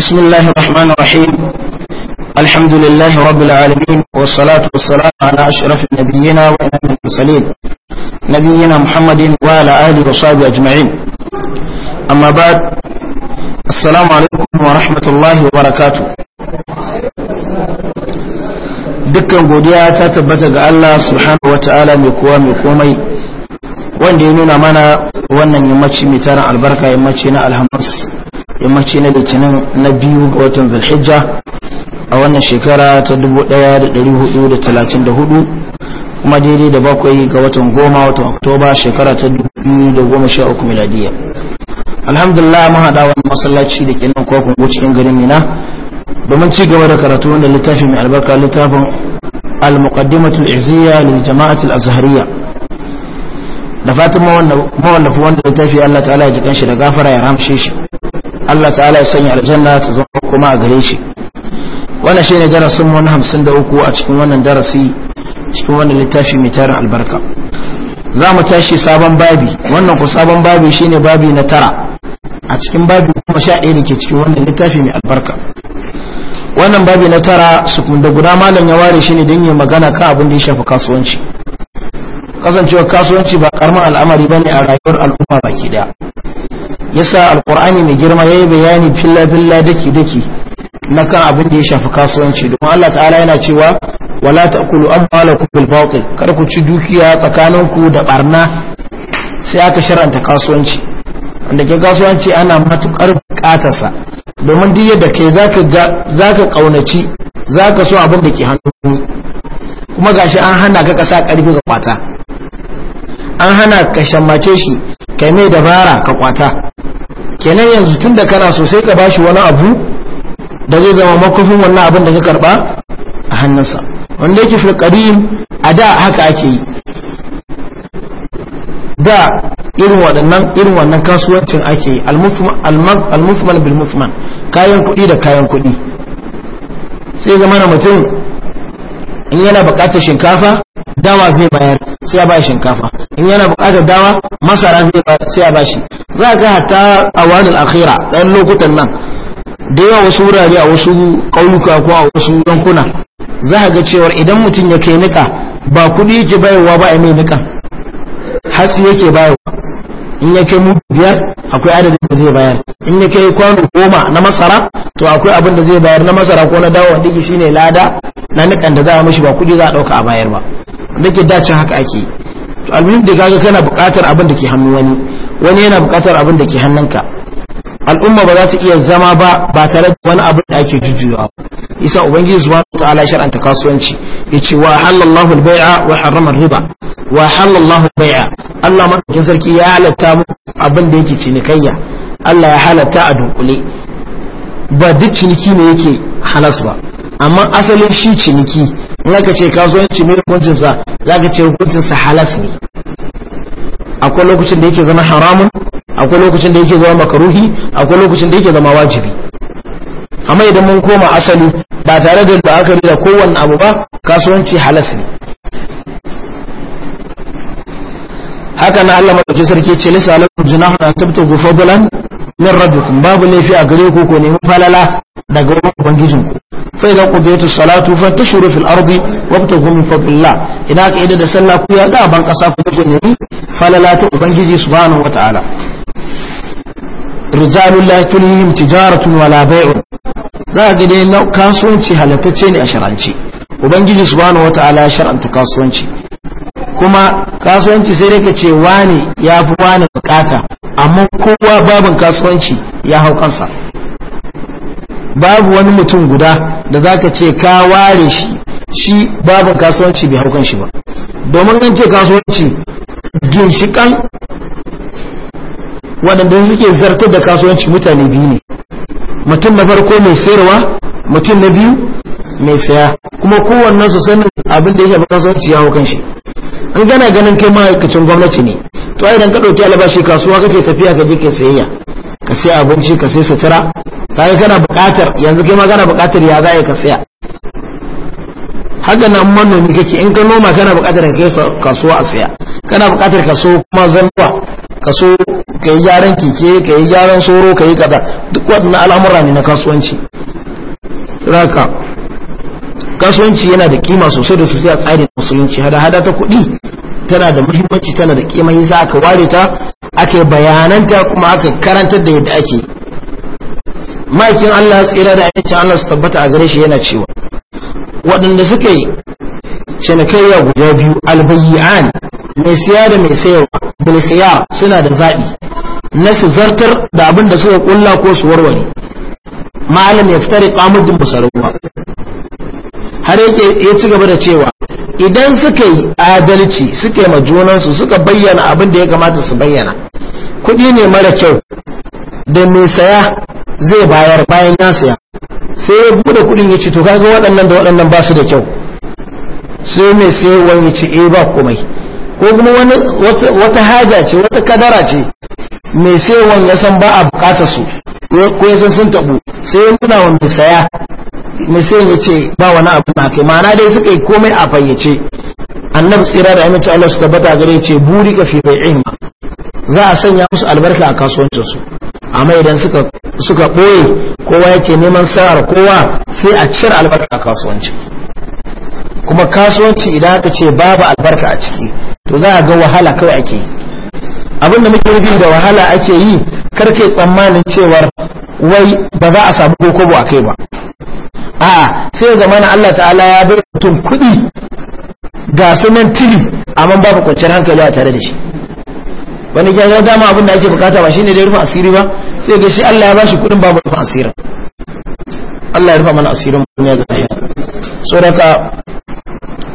بسم الله الرحمن الرحيم الحمد لله رب العالمين والصلاة والسلام على أشرف النبيين وإمام المرسلين نبينا محمد وعلى آله وصحبه أجمعين أما بعد السلام عليكم ورحمة الله وبركاته dukkan godiya ta tabbata ga Allah subhanahu wataala mai kowa mai komai wanda ya nuna mana wannan yammaci mai tarin albarka yammaci na alhamis yammaci na litinin na biyu ga watan zulhijja a wannan shekara ta 1434 kuma daidai da bakwai ga watan goma watan oktoba shekara ta 2013 miladiyya alhamdulillah mun haɗa wani masallaci da ke nan kwakwungo in garin mina domin ci gaba da karatu wanda littafi mai albarka littafin al-muqaddimatul izziya lil al azhariya da fatan mawallafi wanda littafi Allah ta'ala ya jikan shi da gafara ya ramshe shi Allah ta'ala ya sanya aljanna ta zama kuma a gare shi wannan shine darasin mu na 53 a cikin wannan darasi cikin wannan littafi mai tarin albarka za mu tashi sabon babi wannan ku sabon babi shine babi na tara a cikin babi kuma sha ɗaya da ke cikin wannan littafi mai albarka wannan babi na tara su da guda malam ya ware shi ne don yi magana kan abin da ya shafi kasuwanci kasancewa kasuwanci ba karamin al'amari ba ne a rayuwar al'umma baki Ya sa Alƙur'ani mai girma ya yi bayani filla-filla daki-daki na kan abin da ya shafi kasuwanci domin allah ta'ala yana cewa wala ta kulu an bala ku bil kar ku ci dukiya tsakaninku da barna sai aka shar'anta kasuwanci wanda ke kasuwanci ana matukar bukatarsa domin duk yadda kai zaka ga zaka kaunaci zaka so abin da ke hannu kuma gashi an hana ka kasa karfi ga kwata an hana ka shammace shi kai mai dabara ka kwata kenan yanzu tun da kana so sai ka bashi wani abu da zai zama makufin wannan abin da ka karba a hannunsa wanda yake filkarin a da haka ake yi da irin waɗannan irin wannan kasuwancin ake yi almuthman bil kayan kuɗi da kayan kuɗi sai zama na mutum in yana buƙatar shinkafa dawa zai bayar sai ya bayar shinkafa in yana bukatar dawa masara sai a bashi za kai hatta a wani akhira ɗan lokutan nan da yawa wasu wurare a wasu ƙauyuka ko a wasu yankuna za ga cewa idan mutum ya kai nika ba kuɗi yake bayarwa ba a mai nika hatsi yake bayarwa in ya kai mutu biyar akwai adadin da zai bayar in ya kai kwano goma na masara to akwai abin da zai bayar na masara ko na dawa wanda shine lada na nikan da za a mishi ba kuɗi za a ɗauka a bayar ba da ke haka ake to almuhim da kaga kana buƙatar abin da ke hannu wani wani yana buƙatar abin da ke hannunka al'umma ba za ta iya zama ba ba tare da wani abin da ake jujjuyawa isa ubangiji subhanahu ta'ala shar'anta kasuwanci yace wa halallahu al-bai'a wa haramar riba wa halallahu al-bai'a Allah madaukakin sarki ya halatta mu abin da yake cinikayya Allah ya halatta a dunkule ba duk ciniki ne yake halas ba amma asalin shi ciniki in ce kasuwanci mai hukuncinsa za ka ce hukuncinsa halas ne akwai lokacin da yake zama haramun akwai lokacin da yake zama makaruhi akwai lokacin da yake zama wajibi amma idan mun koma asali ba tare da ba aka da kowane abu ba kasuwanci halas ne haka na Allah ke sarki ce lisa na junahun an gufa bulan min rabbikum babu laifi a gare ku ko nemi falala daga wurin ubangijin ku fa idan qudiyatu salatu fantashuru fil ardi wabtaghu min fadlillah idan aka ida da sallah ku ya ga ban kasa ku ku nemi falala ta ubangiji subhanahu wataala rijalul la tulhim tijaratun wala bai'un za ga dai kasuwanci halatacce ne a shar'anci ubangiji subhanahu wataala ya shar'anta kasuwanci kuma kasuwanci sai dai ka ce wani ya fi wani bukata amma kowa babin kasuwanci ya hau kansa babu wani mutum guda da zaka ce ka ware shi shi babin kasuwanci bai hau kanshi ba domin nan ce kasuwanci ginshikan waɗanda suke zartar da kasuwanci mutane biyu ne mutum na farko mai sayarwa mutum na biyu mai saya kuma kowannen su sanin abin ya shafi kasuwanci ya hau kanshi an gana ganin kai ma'aikacin gwamnati ne to ai idan ka ɗauki albashi kasuwa kake tafiya ka je ka sayayya ka sai abinci ka sai sutura yi kana buƙatar yanzu kai ma kana buƙatar ya za ka saya haka nan manomi kake in ka noma kana buƙatar ka kai kasuwa a saya kana buƙatar ka so kuma zannuwa ka so ka yi gyaran keke ka yi gyaran soro ka yi kaza duk waɗannan al'amura ne na kasuwanci raka kasuwanci yana da kima sosai da sosai a tsarin musulunci hada hada ta kuɗi tana da muhimmanci tana da kima a aka ware ta aka bayananta kuma aka karantar da yadda ake ma'aikin Allah tsira da ainihin Allah su tabbata a gare shi yana cewa waɗanda suka yi cinikayya guda biyu albayyan mai siya da mai sayarwa bilkiya suna da zaɓi na su zartar da abin da suka kulla ko su warware malam ya fitar qamuddin basaruwa har yake ya ci gaba da cewa idan suka yi adalci suka yi majunansu suka bayyana abin da ya kamata su bayyana kuɗi ne mara kyau da mai saya zai bayar bayan ya saya sai ya bude kuɗin ya ce to kaga waɗannan da waɗannan ba su da kyau sai mai sayarwan ya ce eh ba komai ko kuma wani wata haja ce wata kadara ce mai sayarwan ya san ba a bukatar su ko ya san sun tabu sai muna nuna wa mai saya mai ya ce ba wani abu na kai ma'ana dai suka yi komai a fayyace annabi tsira da aminci Allah su tabbata gare ce buri ka fi bai'in za a sanya musu albarka a kasuwancin su amma idan suka suka boye kowa yake neman sa'ar kowa sai a cire albarka a kasuwancin kuma kasuwanci idan aka ce babu albarka a ciki to za a ga wahala kawai ake yi abin da muke rubi da wahala ake yi karke tsammanin cewar wai ba za a samu kokobo a kai ba a sai ga mana Allah ta'ala ya bai mutum kuɗi ga sunan tili amma babu kwanciyar hankali a tare da shi wani kyan ya dama abin da ake bukata ba shine da rufe asiri ba sai ga shi Allah ya bashi kuɗin babu rufe asirin Allah ya rufe mana asirin mu ne ga saboda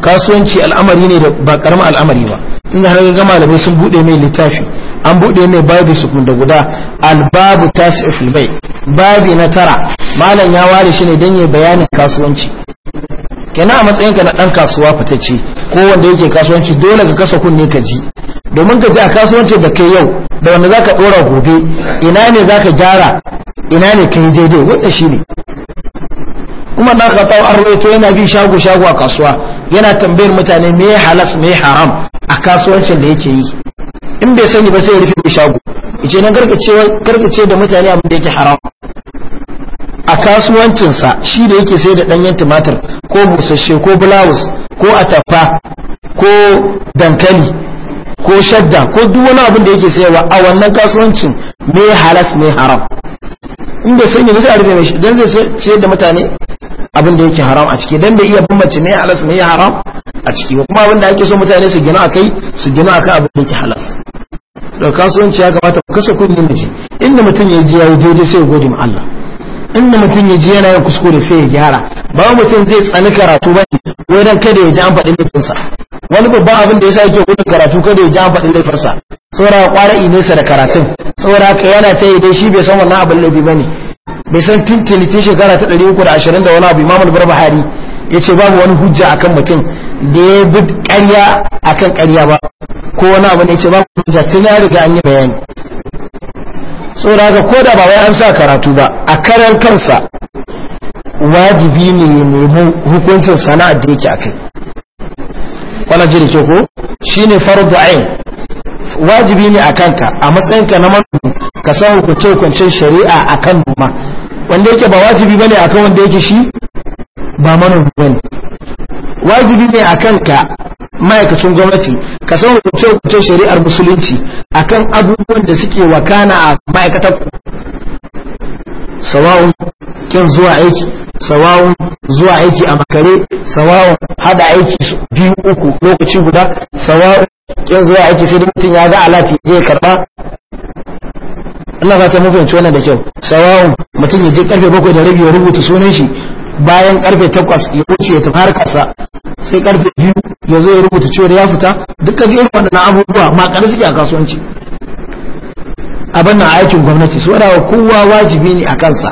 kasuwanci al'amari ne ba karamin al'amari ba inda har ga malamai sun bude mai littafi an bude mai babu su da guda albabu ta fil bai babi na tara malam ya ware shi ne dan yi bayanin kasuwanci kenan a matsayinka na dan kasuwa fitacce ko wanda yake kasuwanci dole ka kasa kunne ka ji domin ka ji a kasuwanci da kai yau da wanda zaka dora gobe ina ne zaka gyara ina ne kai daidai wanda shine kuma dan khattab arwaito yana bi shago shago a kasuwa yana tambayar mutane me ya halas me ya haram a kasuwancin da yake yi in bai sani ba sai ya rufe shago yace nan gargace da mutane abin da yake haram a kasuwancinsa shi da yake sai da ɗanyen tumatir ko busasshe ko blouse, ko atafa ko dankali ko shadda ko duk wani abin da yake sayarwa a wannan kasuwancin me halas me haram in bai sanya ba sai a rufe mai shi dan zai sayar da mutane abin da yake haram a ciki dan bai iya bambance me halas mai haram a ciki kuma abin da ake so mutane su gina akai su gina akai abin da yake halas da kasuwanci ya kamata ku kashe ne shi. inda mutum ya ji yayi daidai sai ya gode ma Allah inda mutum ya ji yana yin kuskure sai ya gyara ba mutum zai tsani karatu ba ne wai dan kada ya ji an faɗin laifinsa wani babban abin da yasa yake gudun karatu kada ya ji an faɗin laifinsa saboda kwara sa da karatun saboda yana ta yi dai shi bai san wannan abin laifi ba ne. bai san tintini tun shekara ta 320 da wani abu imamul barbahari ya ce babu wani hujja akan mutum da ya bi karya akan karya ba ko wani abu ne ya ce babu hujja tun ya riga an yi bayani saboda haka ko da ba wai an sa karatu ba a karar kansa wajibi ne ya nemi hukuncin sana'ar da yake akai wannan jini ke ko faru da ayin. wajibi ne a kanka a matsayinka na manu ka san hukunce-hukuncen shari'a a kan noma wanda yake ba wajibi bane akan wanda yake shi ba manomi bane wajibi ne akan ka ma'aikacin gwamnati ka san rubuce-rubuce shari'ar musulunci akan abubuwan da suke wakana a ma'aikatar ku sawawun kin zuwa aiki sawawun zuwa aiki a makare sawawun hada aiki biyu uku lokaci guda sawawun kin zuwa aiki sai mutum ya ga alati zai karba Allah ba ta mun fahimci wannan da kyau sawawun mutum ya je karfe bakwai da rabi ya rubuta sunan shi bayan karfe takwas ya wuce ya tafi harkarsa sai karfe biyu ya zo ya rubuta da ya fita dukkan irin waɗannan abubuwa makar suke a kasuwanci abin na aikin gwamnati su wadawa kowa wajibi ne a kansa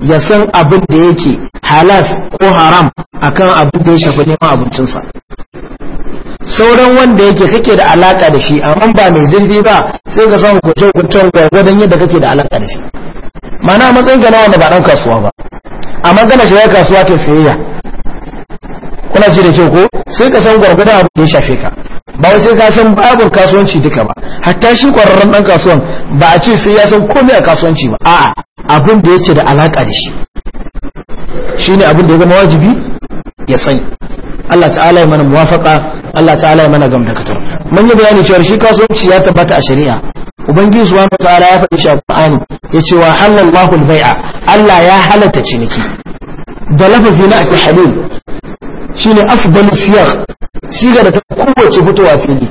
ya san abin da yake halas ko haram akan abin da ya shafi neman abincinsa sauran wanda yake kake da alaka da shi amma ba mai zurfi ba sai ka samu kwace kwacen gwagwadon yadda kake da alaka da shi mana matsayin ka na wanda ba dan kasuwa ba magana shi ya kasuwa ke sayayya kuna ji da kyau ko sai ka san gwargwadon abu da ya shafe ka ba wai sai ka san babu kasuwanci duka ba hatta shi kwararren dan kasuwan ba a ce sai ya san komai a kasuwanci ba a'a abin da yake da alaka da shi shine abin da ya zama wajibi ya sani Allah ta'ala ya mana muwafaka Allah ta'ala ya mana gamdakatar mun yi bayani cewa shi kasuwanci ya tabbata a shari'a ubangiji subhanahu ta'ala ya faɗi shi a Qur'ani yace wa halallahu al-bai'a Allah ya halatta ciniki da lafazi na at-halil shine afdalu siyar siga da kowace fitowa fili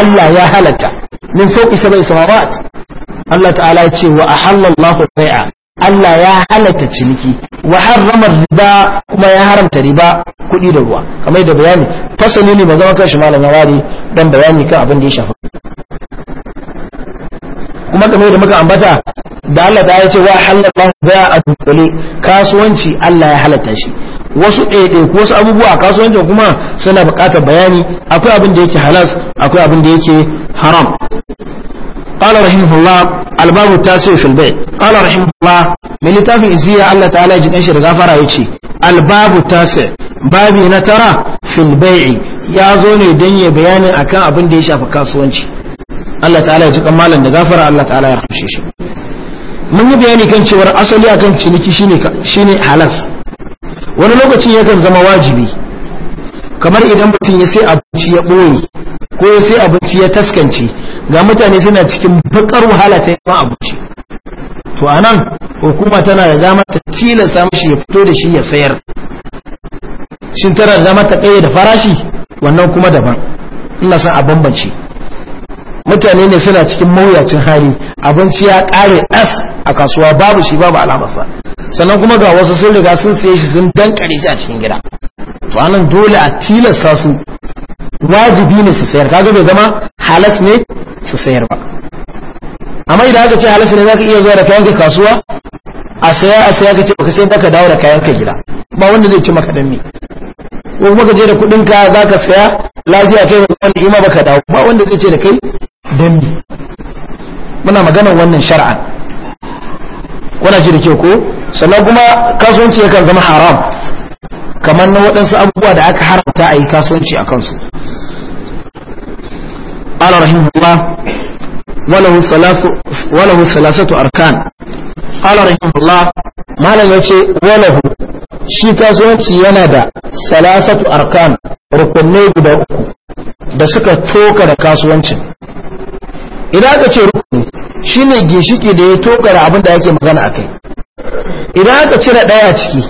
Allah ya halatta min fawqi sab'i samawat Allah ta'ala ya ce wa ahallallahu al-bai'a Allah ya halatta ciniki wa harrama riba kuma ya haramta riba kuɗi da ruwa kamar da bayani fasali ne ba zama shi malam ya ware don bayani kan abin da ya shafa kuma kamar da muka ambata da Allah ta ya ce wa halallahu baya a dukkule kasuwanci Allah ya halatta shi wasu ɗaiɗai ko wasu abubuwa a kasuwancin kuma suna buƙatar bayani akwai abin da yake halas akwai abin da yake haram قال رحمه الله الباب التاسع في البيع قال رحمه الله من لتافي إزية الله تعالى جد أنشر غفر يتشي الباب التاسع babi na tara fil bai'i ya zo ne don ya bayani akan abin da ya shafi kasuwanci Allah ta'ala ya ji kamalan da gafara Allah ta'ala ya rushe shi mun yi bayani kan cewar asali akan ciniki shine shine halas wani lokacin yakan zama wajibi kamar idan mutum ya sai abinci ya boye ko ya sai abinci ya taskance ga mutane suna cikin bakar wahala ta yawan abinci to anan hukuma tana da dama ta tilasta mashi ya fito da shi ya sayar shin da zama ta da farashi wannan kuma daban ina san a bambance mutane ne suna cikin mawuyacin hali abinci ya kare as a kasuwa babu shi babu alamarsa sannan kuma ga wasu sun riga sun saye shi sun dankare shi a cikin gida to anan dole a tilasta su wajibi ne su sayar kaga bai zama halas ne su sayar ba amma idan aka ce halas ne zaka iya zuwa da kayan ka kasuwa a saya a saya ka baka sai baka dawo da kayan ka gida ba wanda zai ci maka dan me ko kuma ka je da kuɗin ka za ka saya lafiya kai ba wani ima baka dawo ba wanda zai ce da kai dan muna magana wannan shar'an kuna ji da ke ko sannan kuma kasuwanci yakan zama haram kamar na waɗansu abubuwa da aka haramta a yi kasuwanci a kansu قال رحمه wala hu ثلاثة arkan qala rahimullah malam yace walahu shi kasuwanci yana da salasatu arkan rukunne guda uku da suka toka da kasuwancin idan aka ce rukuni shine ginshiki da ya toka da abin da yake magana akai idan aka cire daya ciki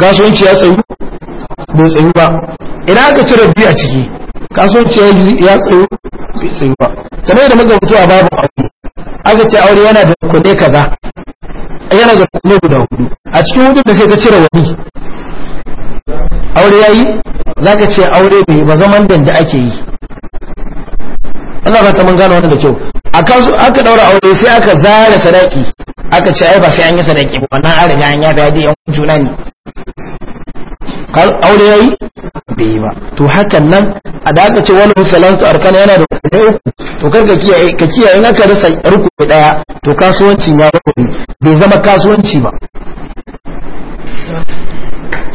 kasuwanci ya tsayu bai tsayu ba idan aka cire biyu a ciki kasuwanci ya tsayu bai tsayu ba kamar da muka fito a babu abu. aka ce aure yana da kunne kaza yana da kunne guda hudu a cikin hudu da sai ka cire wani aure yayi zaka ce aure bai ba zaman da ake yi Allah ba ta mun gano wannan da kyau a kasu aka daura aure sai aka zara sadaki aka ce ai ba sai an yi sadaki ba wannan an riga an ya bayar da yan juna ne aure yayi bai ba to hakan nan a da aka ce wani salatu arkana yana da na uku to karka kiyaye ka kiyaye na ka rasa rukuni daya to kasuwanci ya rukuni bai zama kasuwanci ba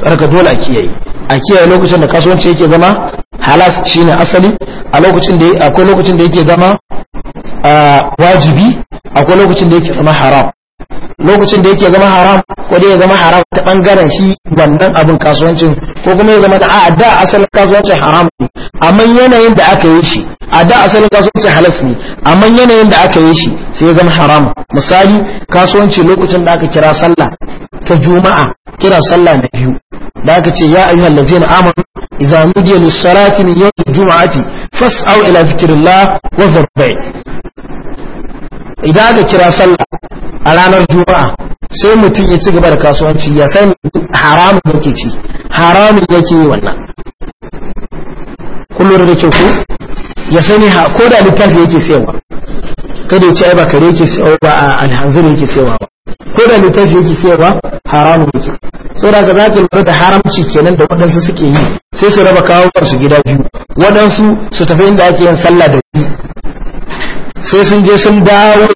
raka dole a kiyaye a kiyaye lokacin da kasuwanci yake zama halas shine asali a lokacin da akwai lokacin da yake zama wajibi akwai lokacin da yake zama haram lokacin da yake zama haram ko da ya zama haram ta bangaren shi wannan abin kasuwancin ko kuma ya zama da a da asalin kasuwancin haram amma yanayin da aka yi shi a da asalin kasuwanci halas ne amma yanayin da aka yi shi sai ya zama haram misali kasuwanci lokacin da aka kira sallah ta juma'a kira sallah na biyu da aka ce ya ayyuhal ladzina amanu idza nudiya lis-salati min yawmil jumati fas'au ila zikrillah wa dharbai idan aka kira sallah a ranar juma'a sai mutum ya ci gaba da kasuwanci ya sani haramun yake ci haramun yake yi wannan kullum da kyau ku ya sani ha ko da littafi yake sayawa kada ya ce ai ba kare yake sayawa ba a alhanzir yake sayawa ba ko da littafi yake sayawa haramun yake da ga zaki lura da haramci kenan da waɗansu suke yi sai su raba kawuwar su gida biyu waɗansu su tafi inda ake yin sallah da shi sai sun je sun dawo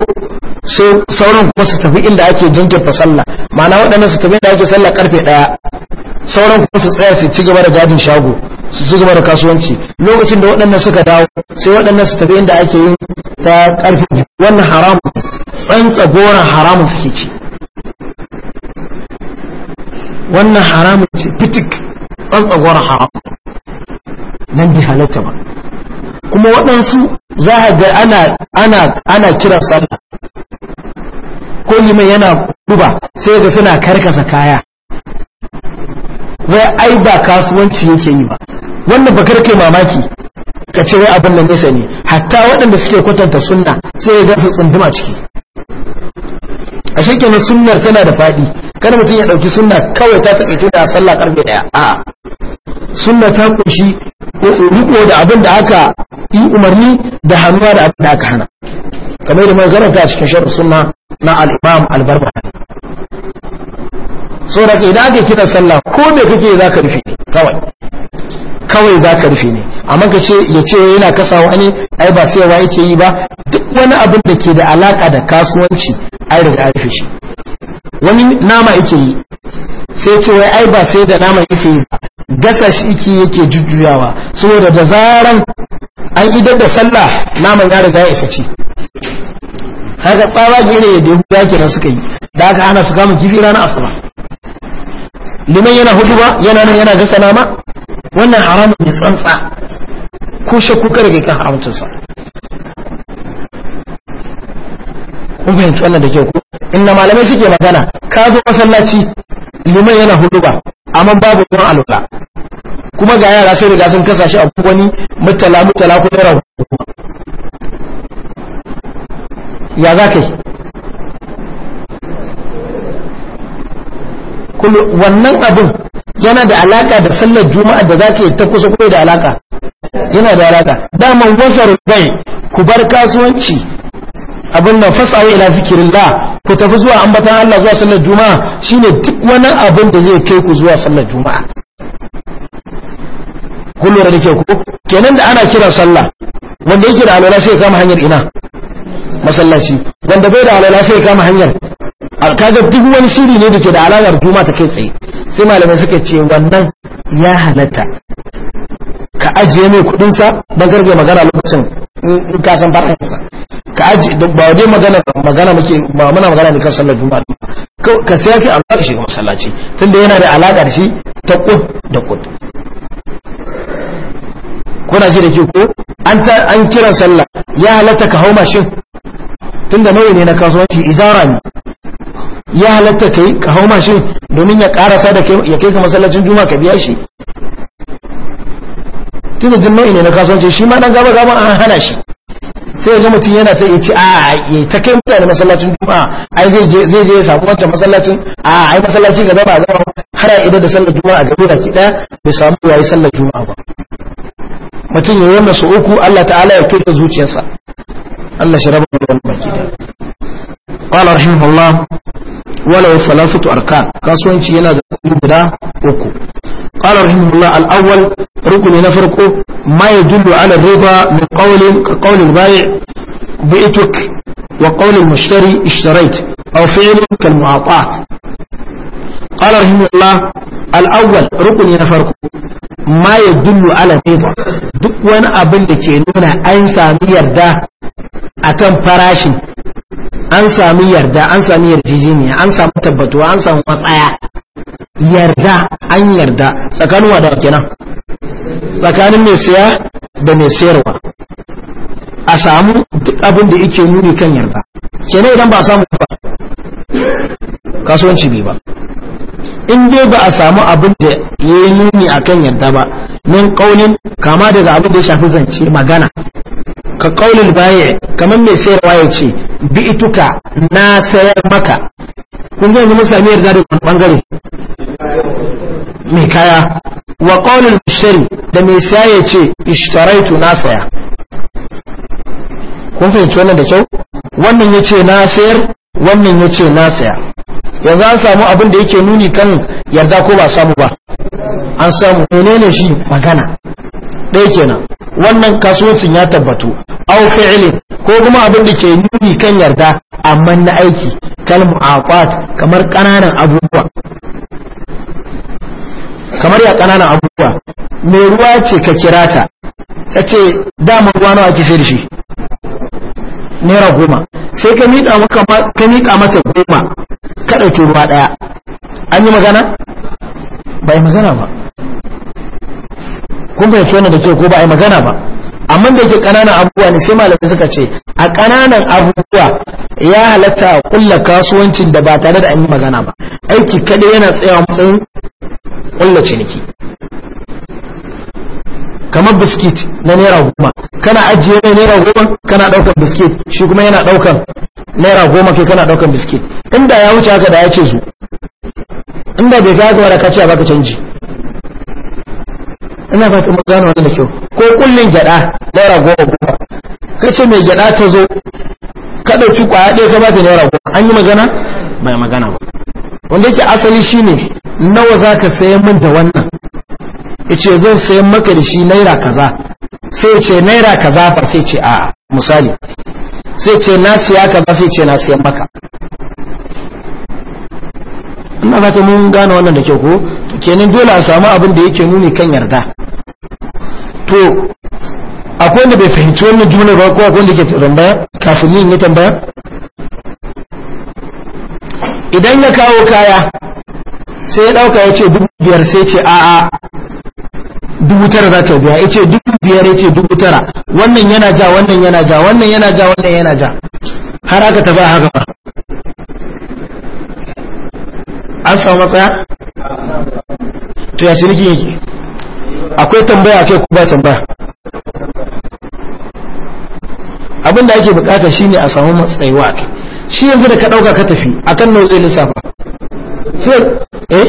sauran kuma su tafi inda ake jinkirta sallah ma'ana waɗannan su tafi inda ake sallah karfe ɗaya sauran kuma su tsaya su ci gaba da gadin shago su ci gaba da kasuwanci lokacin da waɗannan suka dawo sai waɗannan su tafi inda ake yin ta ƙarfi wannan haramun tsantsa goron haramun suke ci wannan haramun ce fitik tsantsa goron haramun nan bi halatta ba kuma waɗansu za a ga ana ana kira sallah ko liman yana duba sai ga suna karkasa kaya wai ai ba kasuwanci yake yi ba wannan ba kai mamaki ka ce wai abin nan nesa ne hatta waɗanda suke kwatanta sunna sai ya su tsunduma ciki a shirke na sunnar tana da faɗi kada mutum ya ɗauki sunna kawai ta taƙaito da sallah ƙarfe ɗaya a sunna ta ƙunshi riko da abin da aka yi umarni da hannuwa da abin da aka hana kamar da mai zarata a cikin sharh sunna na al'imam albarba So barbahari saboda idan aka kira sallah ko me kake za ka rufe kawai kawai za ka rufe ne amma ka ce ya ce yana kasawa ne ai ba sai wa yake yi ba duk wani abin da ke da alaka da kasuwanci ai riga an rufe shi wani nama yake yi sai ce wai ai ba sai da nama yake yi ba gasa shi yake yake jujjuyawa saboda da zaran an idar da sallah naman ya riga ya isa ci haka tsara gere da yake na suka yi da aka ana su kama kifi ranar asuba liman yana hudu ba yana nan yana gasa nama wannan haramun ne tsantsa ko shakku kare kai kan haramtunsa kun fahimci wannan da kyau inna malamai suke magana ka zo masallaci liman yana hudu ba amma babu ruwan alwala kuma ga yara sai riga sun kasa shi a wani mutala mutala ko yara ya za ka yi wannan abin yana da alaka da sallar juma'a da za ka yi ta kusa kuwa da alaka yana da alaka daman wasar bai ku bar kasuwanci abin nan fasawa ila da ku tafi zuwa ambatan Allah zuwa sallar juma'a shine duk wani abin da zai kai ku zuwa sallar juma'a kun lura da ke ku kenan da ana kiran sallah wanda yake da alwala sai ya kama hanyar ina masallaci wanda bai da alwala sai ya kama hanyar kaga duk wani shiri ne da ke da alaƙar juma ta kai tsaye sai malamai suka ce wannan ya halatta ka ajiye mai kudinsa don garge magana lokacin in ka san farkansa ka ajiye ba waje magana magana muke ba muna magana ne kan sallar juma ka sai yake alaƙa shi masallaci tunda yana da alaƙa da shi ta kud da kud kuna ji da ke ko an ta an kiran sallah ya halatta ka hau mashin tunda mai ne na kasuwanci izara ne ya halatta kai ka hau mashin domin ya karasa da ya kai ka masallacin juma ka biya shi tun da nau'i ne na kasuwanci shi ma dan gaba gaba an hana shi sai ga mutum yana ta ci a ya ta kai mutane masallacin juma'a ai zai je zai je ya samu wancan masallacin a ai masallaci gaba a gaba har ya idan da sallar juma'a gaba baki daya bai samu yayi sallar juma'a ba mutum ya yi wannan su uku Allah ta'ala ya kai zuciyarsa Allah shi rabu da wannan baki رحمه الله ولو ثلاثة أركان كاسون تينا دبرا أكو قال رحمه الله الأول ركن نفرك ما يدل على الرضا من قول كقول البايع بئتك وقول المشتري اشتريت أو فعل كالمعاطاة قال رحمه الله الأول ركن نفرك ما يدل على الرضا دقوان أبن لكي نونا أنسى ميردا أكم فراشي an sami yarda an sami yarjejeniya an sami tabbatuwa an sami matsaya yarda an yarda tsakanin wa da kenan tsakanin mai siya da mai sayarwa a samu duk abin da yake nuni kan yarda kenan idan ba a samu ba kasuwanci bai ba in dai ba a samu abin da ya yi nuni a kan yarda ba nan kaunin kama daga abin da ya shafi zance magana ka kaunin baya kamar mai sayarwa ya ce bi ituka na sayar maka kun ga mun sami yarda da wani bangare mai kaya wa ƙaunin mushari da mai saya ya ce ishtaraitu na saya kun fahimci wannan da kyau wannan ya ce na sayar wannan ya ce na saya yanzu an samu abin da yake nuni kan yarda ko ba samu ba an samu menene shi magana ɗaya kenan wannan kasuwancin ya tabbatu au fi'ilin ko kuma abin da ke nuni kan yarda amma na aiki kal mu'aqat kamar kananan abubuwa kamar ya kananan abubuwa me ruwa ce ka kira ta kace dama ruwa nawa ake da shi naira goma sai ka miƙa maka ka miƙa mata goma ka dauki ruwa daya an yi magana bai magana ba kun fahimci wannan da ke ko ba a yi magana ba amma da yake ƙananan abubuwa ne sai malamai suka ce a ƙananan abubuwa ya halatta a kulla kasuwancin da ba tare da an yi magana ba aiki kaɗai yana tsayawa matsayin kulla ciniki kamar biskit na naira goma kana ajiye mai naira goma kana ɗaukan biskit shi kuma yana ɗaukan naira goma kai kana ɗaukan biskit inda ya wuce haka da ya ce zu inda bai ga haka wadda ka ce ba ka canji ina ba ta magana wani da kyau ko kullun gyada naira goma goma ce mai gyada ta zo ka ɗauki kwaya ɗaya ka bata naira goma an yi magana bai magana ba wanda yake asali shine nawa za ka sayan min da wannan ce zan sayan maka da shi naira kaza sai ce naira kaza fa sai ce a misali sai ce na siya kaza sai ce na siyan maka ina fata mun gane wannan da kyau ko kenan dole a samu abin da yake nuni kan yarda to akwai wanda bai fahimci wannan juna ba ko akwai wanda ke tambaya kafin yin ya tambaya idan ya kawo kaya sai ya dauka ya ce dubu biyar sai ce a'a dubu tara za ta biya ya ce dubu biyar ya ce dubu tara wannan yana ja wannan yana ja wannan yana ja wannan yana ja har aka tafi a haka ba an samu matsaya to ya yake akwai tambaya kai ko ba tambaya abinda ake bukata shine a samu matsayiwa kai shi yanzu da ka dauka ka tafi akan nawa lissafa sai eh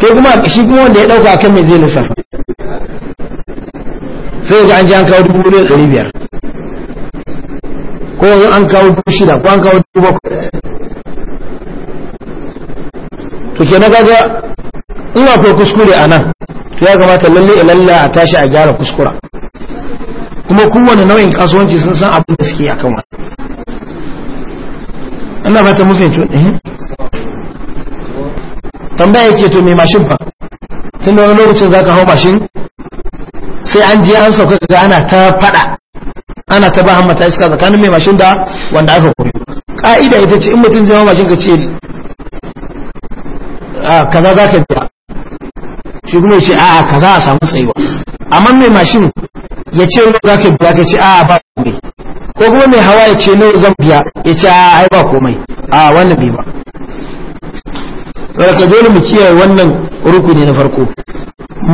kai kuma shi kuma wanda ya dauka akan mai zai lissafa sai ga an ji an kawo dubu ɗaya ɗari biyar ko an kawo dubu shida ko an kawo dubu bakwai to ke na gaga in ko kuskure a nan ya kamata lalle ilalla a tashi a gyara kuskura kuma kowane nau'in kasuwanci sun san abin da suke akan wani ina fata mu cuɗe wani tambaya yake to mai mashin ba, tun da wani lokacin za ka hau mashin sai an je an sauka ga ana ta fada ana ta ba hamata iska tsakanin mai mashin da wanda aka koyo ka'ida ita ce in mutum zai hau mashin ka ce Ah, kaza za ka biya shi kuma ya ce a'a ah, kaza a samu tsayuwa amma mai mashin ya ce nawa za ka biya ka ce a'a ah, ba komai ko kuma mai hawa ya ce nawa zan biya ya ce a'a ai ba komai a wannan bai ba ka dole mu kiyaye wannan rukuni na farko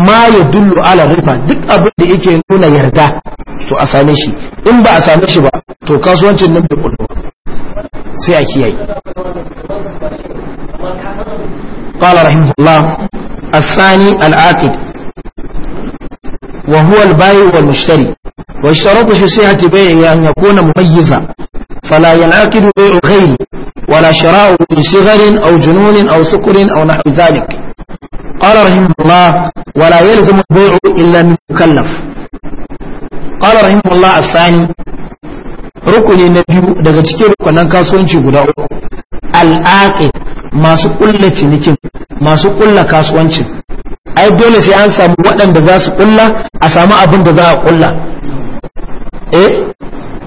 ma ya dullu ala rifa duk abin da yake nuna yarda to a same shi in ba a same shi ba to kasuwancin nan bai kullu sai a kiyaye قال رحمه الله الثاني العاقد وهو البائع والمشتري واشترط في صحة بيعه أن يكون مميزا فلا ينعقد بيع غيره ولا شراء بصغر أو جنون أو سكر أو نحو ذلك قال رحمه الله ولا يلزم البيع إلا من مكلف قال رحمه الله الثاني rukuni na biyu daga cikin rukunan kasuwanci guda uku al'aqid masu kulla cinikin masu kulla kasuwancin ai dole sai an samu waɗanda za su kulla a samu abin da za a kulla eh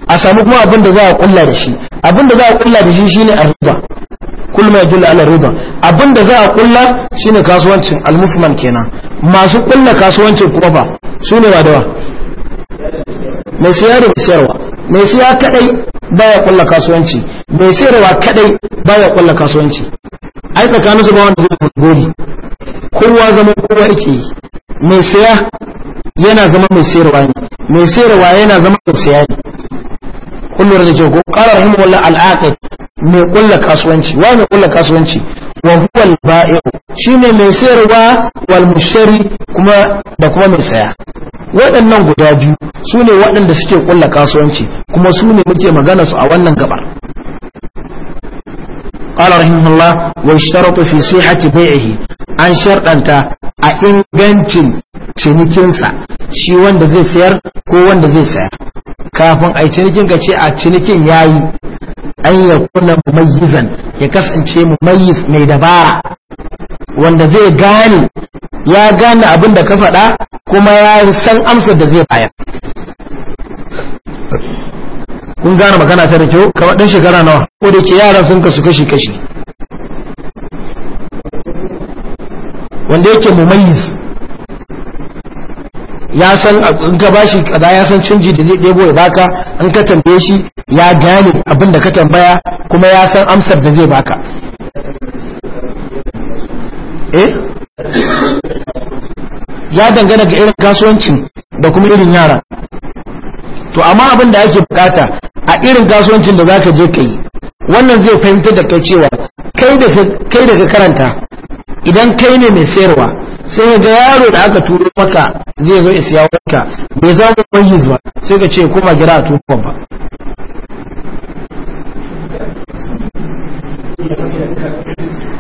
a samu kuma abin da za a kulla da shi abin da za a kulla da shi shine arriba kul ma yadullu ala rida abin da za a kulla shine kasuwancin almufman kenan masu kulla kasuwancin kuma ba sune ba dawa mai siya da siyarwa mai siya kadai baya kulla kasuwanci mai siyarwa kadai baya kulla kasuwanci ai tsakanin su ba wanda zai gori kowa zama kowa yake mai saya yana zama mai sayarwa ne mai sayarwa yana zama mai saya ne kullum da ke ko qala rahimahullah al mai kulla kasuwanci wa mai kulla kasuwanci wa huwa al-ba'i'u shine mai sayarwa wal mushtari kuma da kuma mai saya waɗannan guda biyu su ne waɗanda suke kulla kasuwanci kuma su ne muke magana su a wannan gabar قال رحمه الله واشترط في صحة بيعه an sharɗanta a ingancin cinikinsa shi wanda zai sayar ko wanda zai saya kafin a cinikin ka ce a cinikin ya yi an ya kuna mumayyizan ya kasance mumayyiz mai dabara wanda zai gane ya gane abin da ka faɗa kuma ya san amsar da zai baya. kun gane magana ta da kyau kamar ɗan shekara nawa ko da ke yara sun kasu kashi kashi wanda yake mumayis ya san in ka bashi kaza ya san canji da ɗaya ɗebo ya baka in ka tambaye shi ya gane abin da ka tambaya kuma ya san amsar da zai baka eh ya dangana ga irin kasuwancin da kuma irin yara to amma abin da ake bukata a irin kasuwancin da zaka je kai wannan zai fahimtar da kai cewa kai da kai da ka karanta idan kai ne mai sayarwa sai ga yaro da aka turo maka zai zo ya siya maka bai zama mai ba sai ka ce kuma gira a turo ba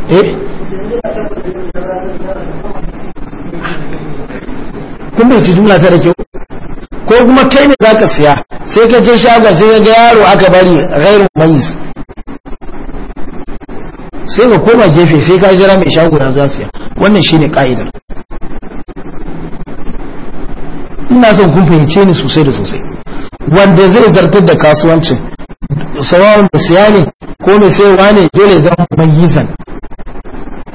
eh? kun bai ci jumla ta da kyau ko kuma kai ne za ka siya sai ka je shagon sai ga yaro aka bari gairu mais sai ka koma jefe sai ka jira mai shago ya za siya wannan shine ka'idar ina son kun fahimce ni sosai da sosai wanda zai zartar da kasuwancin sawawun da siya ne ko mai sayarwa ne dole zan mumayyizan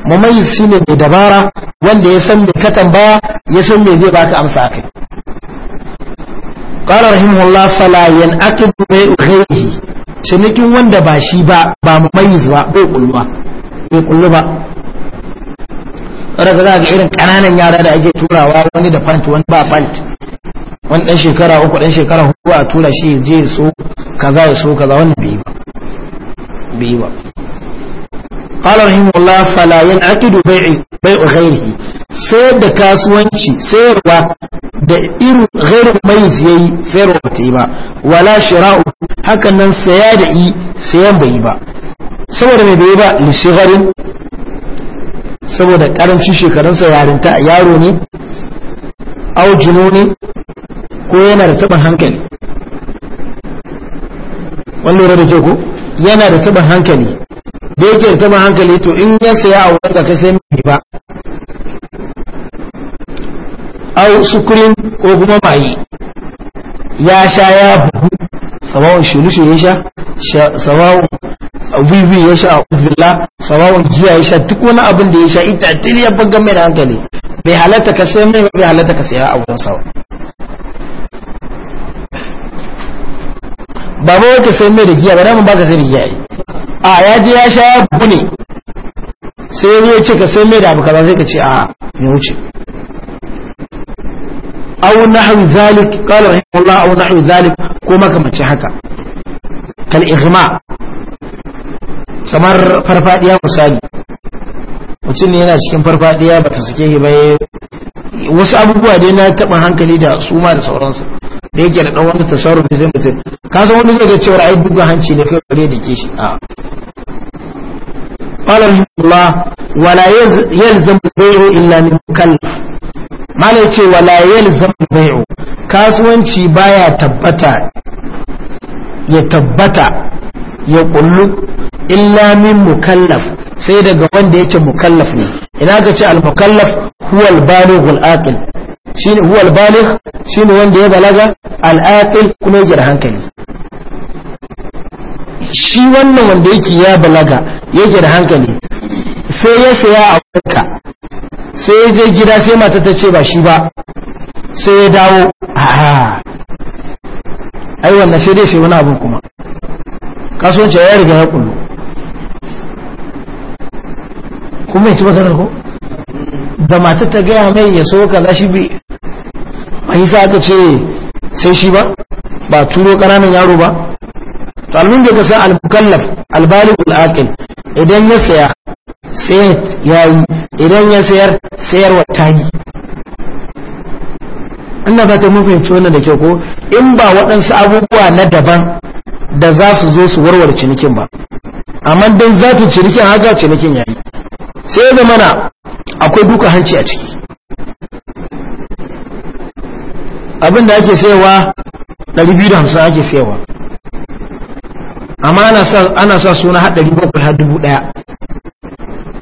mumayyiz shine mai dabara wanda ya san mai ka tambaya ya san me zai baka amsa kai. قال رحمه الله فلا ينعقد ghayrihi cinikin wanda ba shi ba مميز با bai kulluwa bai kullu ba daga za ga irin kananan yara da ake turawa wani da fant wani ba fant wani dan shekara uku dan shekara huɗu a tura shi je so kaza ya so kaza wani bai qala rahimullah fala yanqidu bai'i bai'u ghairihi sai da kasuwanci sayarwa da irin ghairu mai yayi sayarwa ta yi ba wala shira'u hakan nan saya da yi sayan bai yi ba saboda mai bai yi ba lishigarin saboda karamci shekarunsa yarinta yaro ne aujino ne ko yana da taɓin hankali wani lura da ke ko yana da taɓin hankali da yake ta ma hankali to in ya saya a wanda ka sai mai ba au sukurin ko kuma mayi ya sha ya buhu sawawun shulushu ya sha sawawun wiwi ya sha a uzbillah sawawun jiya ya sha duk wani abin da ya sha ita ya bangan mai da hankali bai halatta ka sai mai bai halatta ka saya a wurin sawa ba ba ka sai mai da giya ba na mun ba ka sai da giya a ya je ya sha ya bugu ne sai ya zo ya ce ka sai mai da abu kaza sai ka ce a ya wuce na hau zalik qala au na hau zalik ko makamace haka kal ihma kamar farfadiya misali mutum ne yana cikin farfadiya ba ta suke shi ba wasu abubuwa dai na taɓa hankali da su ma da sauransu da yake da ɗan wani tasarrufi zai mutum ka san wani zai ga cewa ai buga hanci ne kai bare da ke shi a قال رحمه الله ولا يلزم البيع إلا من مكلف ما ليتي ولا يلزم البيع kasuwanci baya tabbata ya tabbata ya kullu illa min mukallaf sai daga wanda yake mukallaf ne ina ka ce al-mukallaf huwa al-baligh al-aqil shine huwa al-baligh shine wanda ya balaga al-aqil kuma yake da hankali shi wannan wanda yake ya balaga yake da hankali sai ya saya a wurinka sai ya je gida sai mata ta ce ba shi ba sai ya dawo aha ai wannan sai dai sai wani abin kuma kasuwanci ya riga ya kullu kuma ya ci maganar ko da mata ta gaya mai ya so kaza shi bi mai yi sa aka ce sai shi ba ba turo ƙananan yaro ba to almin da kasa al-mukallaf al-baligh al-aqil idan ya saya sai yayi idan ya sayar sayarwa ta yi ina ba ta mafi wannan da kyau ko in ba waɗansu abubuwa na daban da za su zo su warware cinikin ba amma don za ta cinikin haka cinikin yayi sai da mana akwai duka hanci a ciki abin da ake sayawa 250 ake sayawa amma ana sa suna hada ɗari bakwai har dubu ɗaya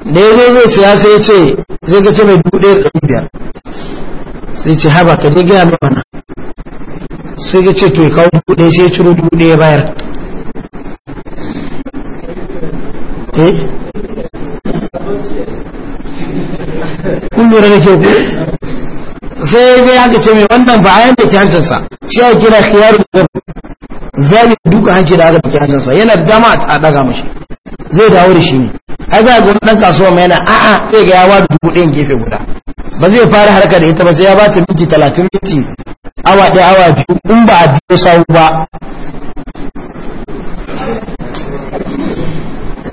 da ya zo zai siya sai ce zai ga ce mai dubu ɗaya da ɗari biyar sai ce haba ka je gaya mai mana sai ga ce to ya kawo dubu ɗaya sai ya ciro dubu ɗaya bayar eh? kun lura da ke ku sai ya ga ce mai wannan ba a yanda ke hancinsa shi ya kira khiyar da zai duka hanci da aka daki hancinsa yana da dama a daga mashi zai dawo da shi ne ai za a ga dan kasuwa mai yana a'a sai ga ya da dubu ɗayan gefe guda ba zai fara harka da ita ba sai ya ba ta minti talatin minti awa ɗaya awa biyu in ba a biyo sawu ba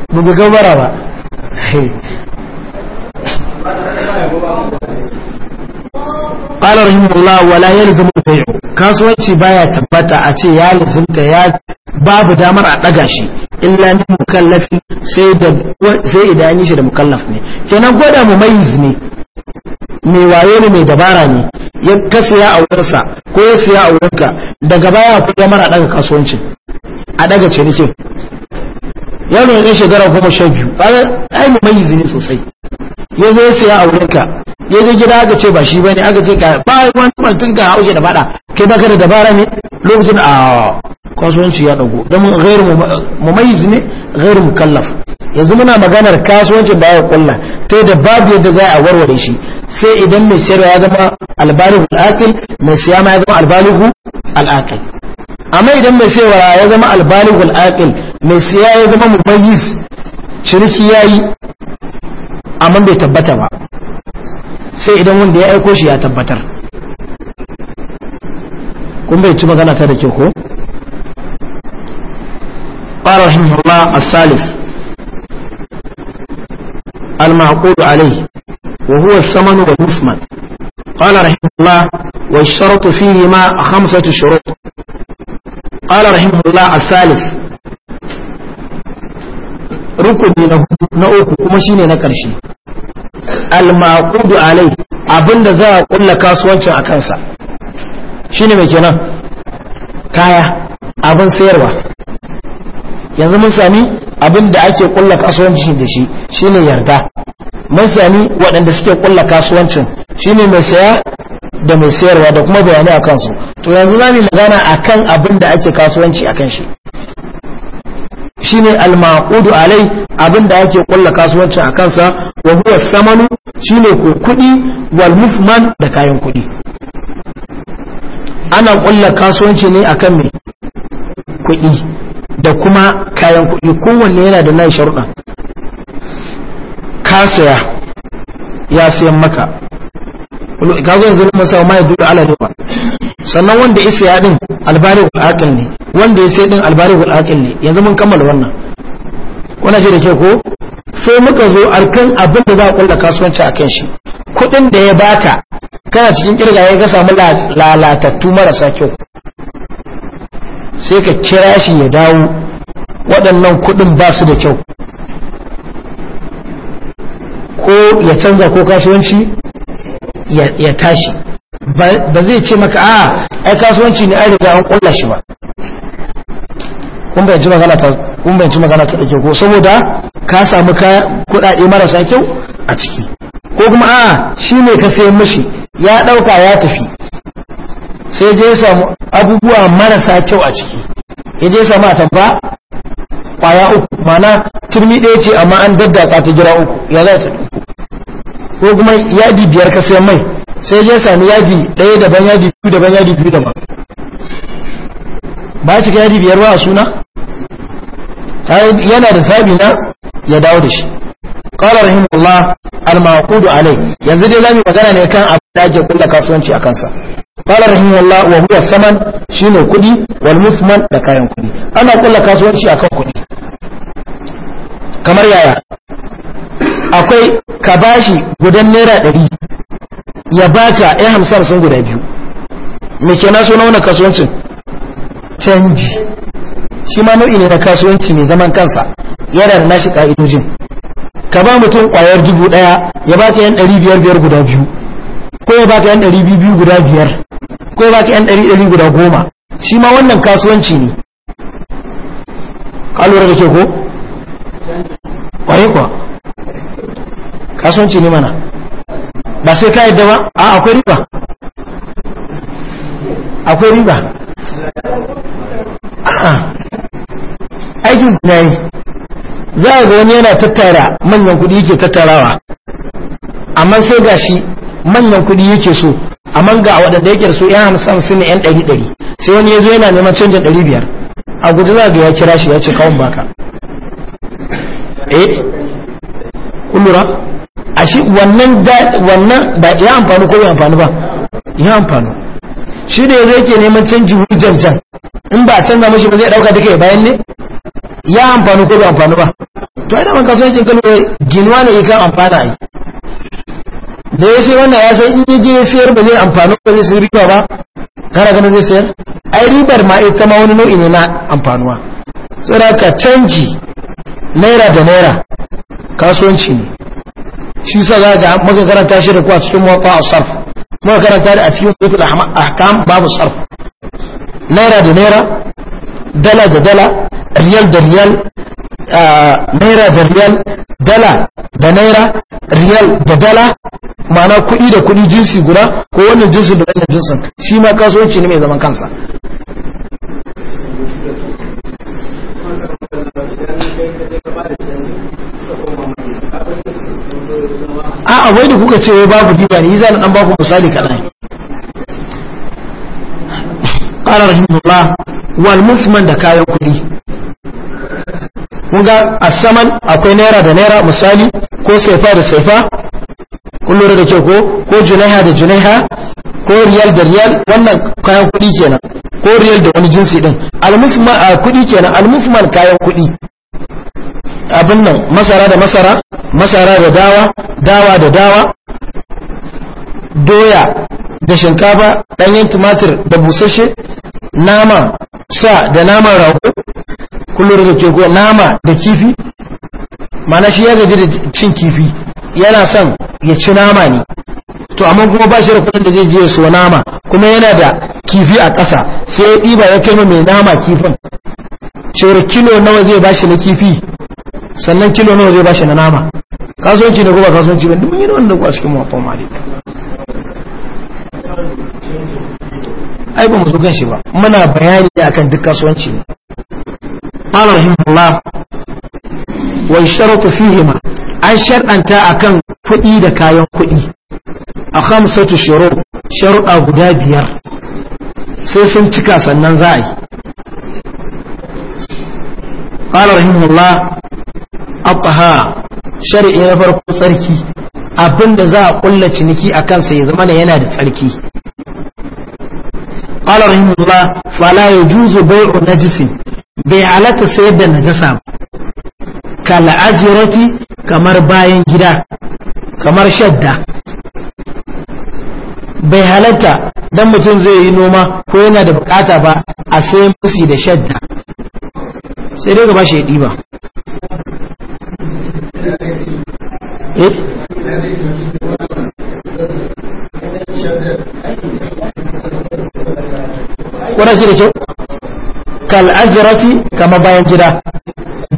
ga gabara ba qala rahimahullah wala yalzamu bai'u kasuwanci baya tabbata a ce ya lizinta ya babu damar a ɗaga shi illa ni mukallafi sai sai idan yi shi da mukallaf ne kenan goda mu mayiz ne mai waye ne mai dabara ne ya kasiya a wurinsa ko ya siya a wurinka daga baya ku damar a ɗaga kasuwancin a ɗaga cinikin yaro ne shekara goma sha biyu ai mu mayiz ne sosai ya zo ya siya a wurinka ya je gida aka ce ba shi ne aka ce ka ba wani mutum ka hauke da fada kai baka da dabara ne lokacin a kasuwanci ya dago don ghairu mumayyiz ne ghairu mukallaf yanzu muna maganar kasuwancin da ya kulla ta yadda babu yadda za a warware shi sai idan mai sayarwa ya zama albalihu al'aqil mai siya ma ya zama albalihu al'aqil amma idan mai sayarwa ya zama albalihu al'aqil mai siya ya zama mumayyiz ciniki yayi amma bai tabbata ba sai idan wanda ya aiko shi ya tabbatar kun bai ci magana ta da ke ko? ƙwarar himma a salis almakudu alai wa huwa samanu da musman ƙwarar himma wa shartu fiye ma a hamsatu shuru ƙwarar himma a salis rukuni na uku kuma shi ne na ƙarshe almaqudu alai abinda za a kulla kasuwancin a kansa shine mai kenan kaya abin sayarwa yanzu mun sami abin da ake kulla kasuwancin da shi shine yarda mun sami waɗanda suke kulla kasuwancin shine mai saya da mai sayarwa da kuma bayanai a kansu to yanzu za mu magana akan abin da ake kasuwanci a kan shi shine al-maqudu alai abin da ake kulla kasuwanci a kansa wa huwa samanu shine ko kuɗi wal mufman da kayan kuɗi ana kulla kasuwanci ne akan me kuɗi da kuma kayan kuɗi kowanne yana da nayi sharuɗa ka saya ya sayan maka ka zo yanzu masa ma ya dole ala ba sannan wanda ya saya din albarihul aqil ne wanda ya saya din albarihul aqil ne yanzu mun kammala wannan kuna shi da ke ko sai muka zo arkan abin da za a kulla kasuwanci a kan shi kudin da ya baka kana cikin kirga ya gasa samu lalatattu marasa kyau sai ka kira shi ya dawo waɗannan kudin ba su da kyau ko ya canza ko kasuwanci ya tashi ba zai ce maka a ai kasuwanci ne an riga an kulla shi ba kun bayanci magana ta kun bayanci magana ta dake ko saboda ka samu kaya kuɗaɗe marasa kyau a ciki ko kuma a'a shine ka sayi mishi ya ɗauka ya tafi sai je ya samu abubuwa marasa kyau a ciki ya je ya samu a tabba kwaya uku mana turmi ɗaya ce amma an daddatsa ta jira uku ya za ta uku ko kuma yadi biyar ka sayan mai sai je sami yadi ɗaya daban yadi biyu daban yadi biyu daban ba cika yadi biyar ba a suna yana da sabi na ya dawo da shi qala rahimullah al-maqud alai yanzu dai zamu magana ne kan abin da ake kula kasuwanci a kansa qala rahimullah wa huwa saman shine kudi wal musman da kayan kudi ana kula kasuwanci akan kudi kamar yaya akwai ka bashi gudan naira 100 ya baka ya hamsar sun guda biyu me kenan so nauna kasuwancin canji shi ma nau'i ne na kasuwanci mai zaman kansa yana da nashi ka'idojin ka ba mutum kwayar dubu daya ya baka yan ɗari biyar biyar guda biyu ko ya baka yan ɗari biyu biyu guda biyar ko ya baka yan ɗari ɗari guda goma shi ma wannan kasuwanci ne ka lura da ke ko kwaye kuwa kasuwanci ne mana ba sai ka yadda ba a akwai riba akwai riba aikin ku yi za a ga wani yana tattara manyan kuɗi yake tattarawa amma sai gashi manyan kuɗi yake so amma ga waɗanda yake so yan hamsin su ne yan ɗari ɗari sai wani ya zo yana neman canjin ɗari biyar a guji za a ga ya kira shi ya ce kawon baka eh kullura a shi wannan ba ya amfani ko bai amfani ba ya amfani shi da yanzu yake neman canji hujjan can in ba canza mashi ba zai dauka duka ya bayan ne ya amfani ko bai amfani ba to ai da man kan ne ginwa ne yake amfana ai da ya sai wannan ya sai in ya je ya sayar ba zai amfani ba zai sayar riba ba kana ganin zai sayar ai ribar ma ita ma wani nau'i ne na amfanuwa saboda ka canji naira da naira kasuwanci ne shi sa za ga maka karanta shi da kuwa cikin mawaƙa a sarf muka karanta da a cikin kotun ahkam babu sarf naira da naira dala da dala riyal da riyal naira da riyal dala da naira riyal da dala mana kuɗi da kuɗi jinsi guda ko wannan jinsin da wannan jinsin shi ma kasuwanci ne mai zaman kansa a wai da kuka ce babu riba ne zan dan baku misali kadan qala rahimullah wal musman da kayan kudi kun ga a saman akwai naira da naira misali ko saifa da saifa kun lura da kyau ko ko junaiha da junaiha ko riyal da riyal wannan kayan kudi kenan ko riyal da wani jinsi din al-musman kudi kenan al-musman kayan kudi abin nan masara da masara masara da dawa dawa da dawa doya da shinkafa ɗanyen tumatir da busasshe nama sa da nama rago kullum da ke kuwa nama da kifi mana shi ya gaji da cin kifi yana son ya ci nama ne to amma kuma ba shi da da zai je so nama kuma yana da kifi a ƙasa sai ya ɗiba ya kai mai nama kifin cewar kilo nawa zai ba shi na kifi sannan kilo nawa zai bashi na nama kasuwanci da goma kasuwanci ban duk yi wannan ku a cikin mawafa malik ai ba mu zo kan shi ba muna bayani akan duk kasuwanci ne qala rahimahullah wa sharatu fihima an shar'anta akan kuɗi da kayan kuɗi a hamsatu shurut sharuɗa guda biyar sai sun cika sannan za a yi qala rahimahullah at-tahara shar'i na farko tsarki abinda za a kulla ciniki a kansa ya zama yana da tsarki qala rahimullah fala yajuzu bai'u najisin bai halarta sayar da najasa kal azirati kamar bayan gida kamar shadda bai halatta dan mutum zai yi noma ko yana da bukata ba a sai musu da shadda sai dai gaba shi ya ɗiba kuna shi da kyau kal'ajirati kama bayan gida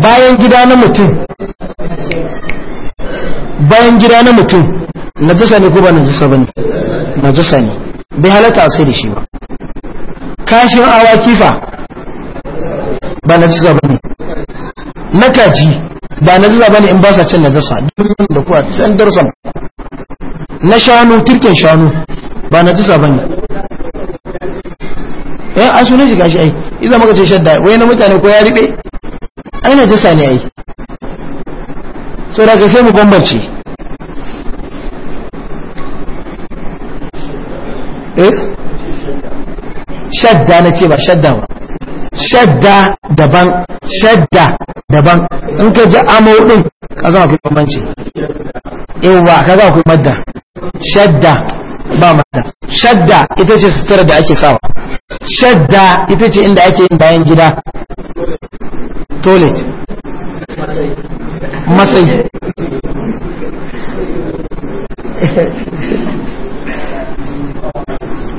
bayan gida na mutum bayan gida na mutum najasa ne ko ba najasa ba ne najasa ne bai halatta a sai da shi ba kashin awa kifa ba najasa ba ne na kaji ba na ba ne in ba sa cin najasa duk da kuwa san darsan na shanu turken shanu ba na ba ne. eh a shiga shi ai Iza muka ce shadda wai na mutane ko ya yi ai najasa ne ai so da ka sai mu bambance eh shadda na ce ba shadda ba shadda daban shadda daban in ka ji amo din ka zama akwai bambanci yawa ka zama akwai madda shadda ba madda shadda ita ce sutura da ake sawa shadda ita ce inda ake yin bayan gida toilet matsayi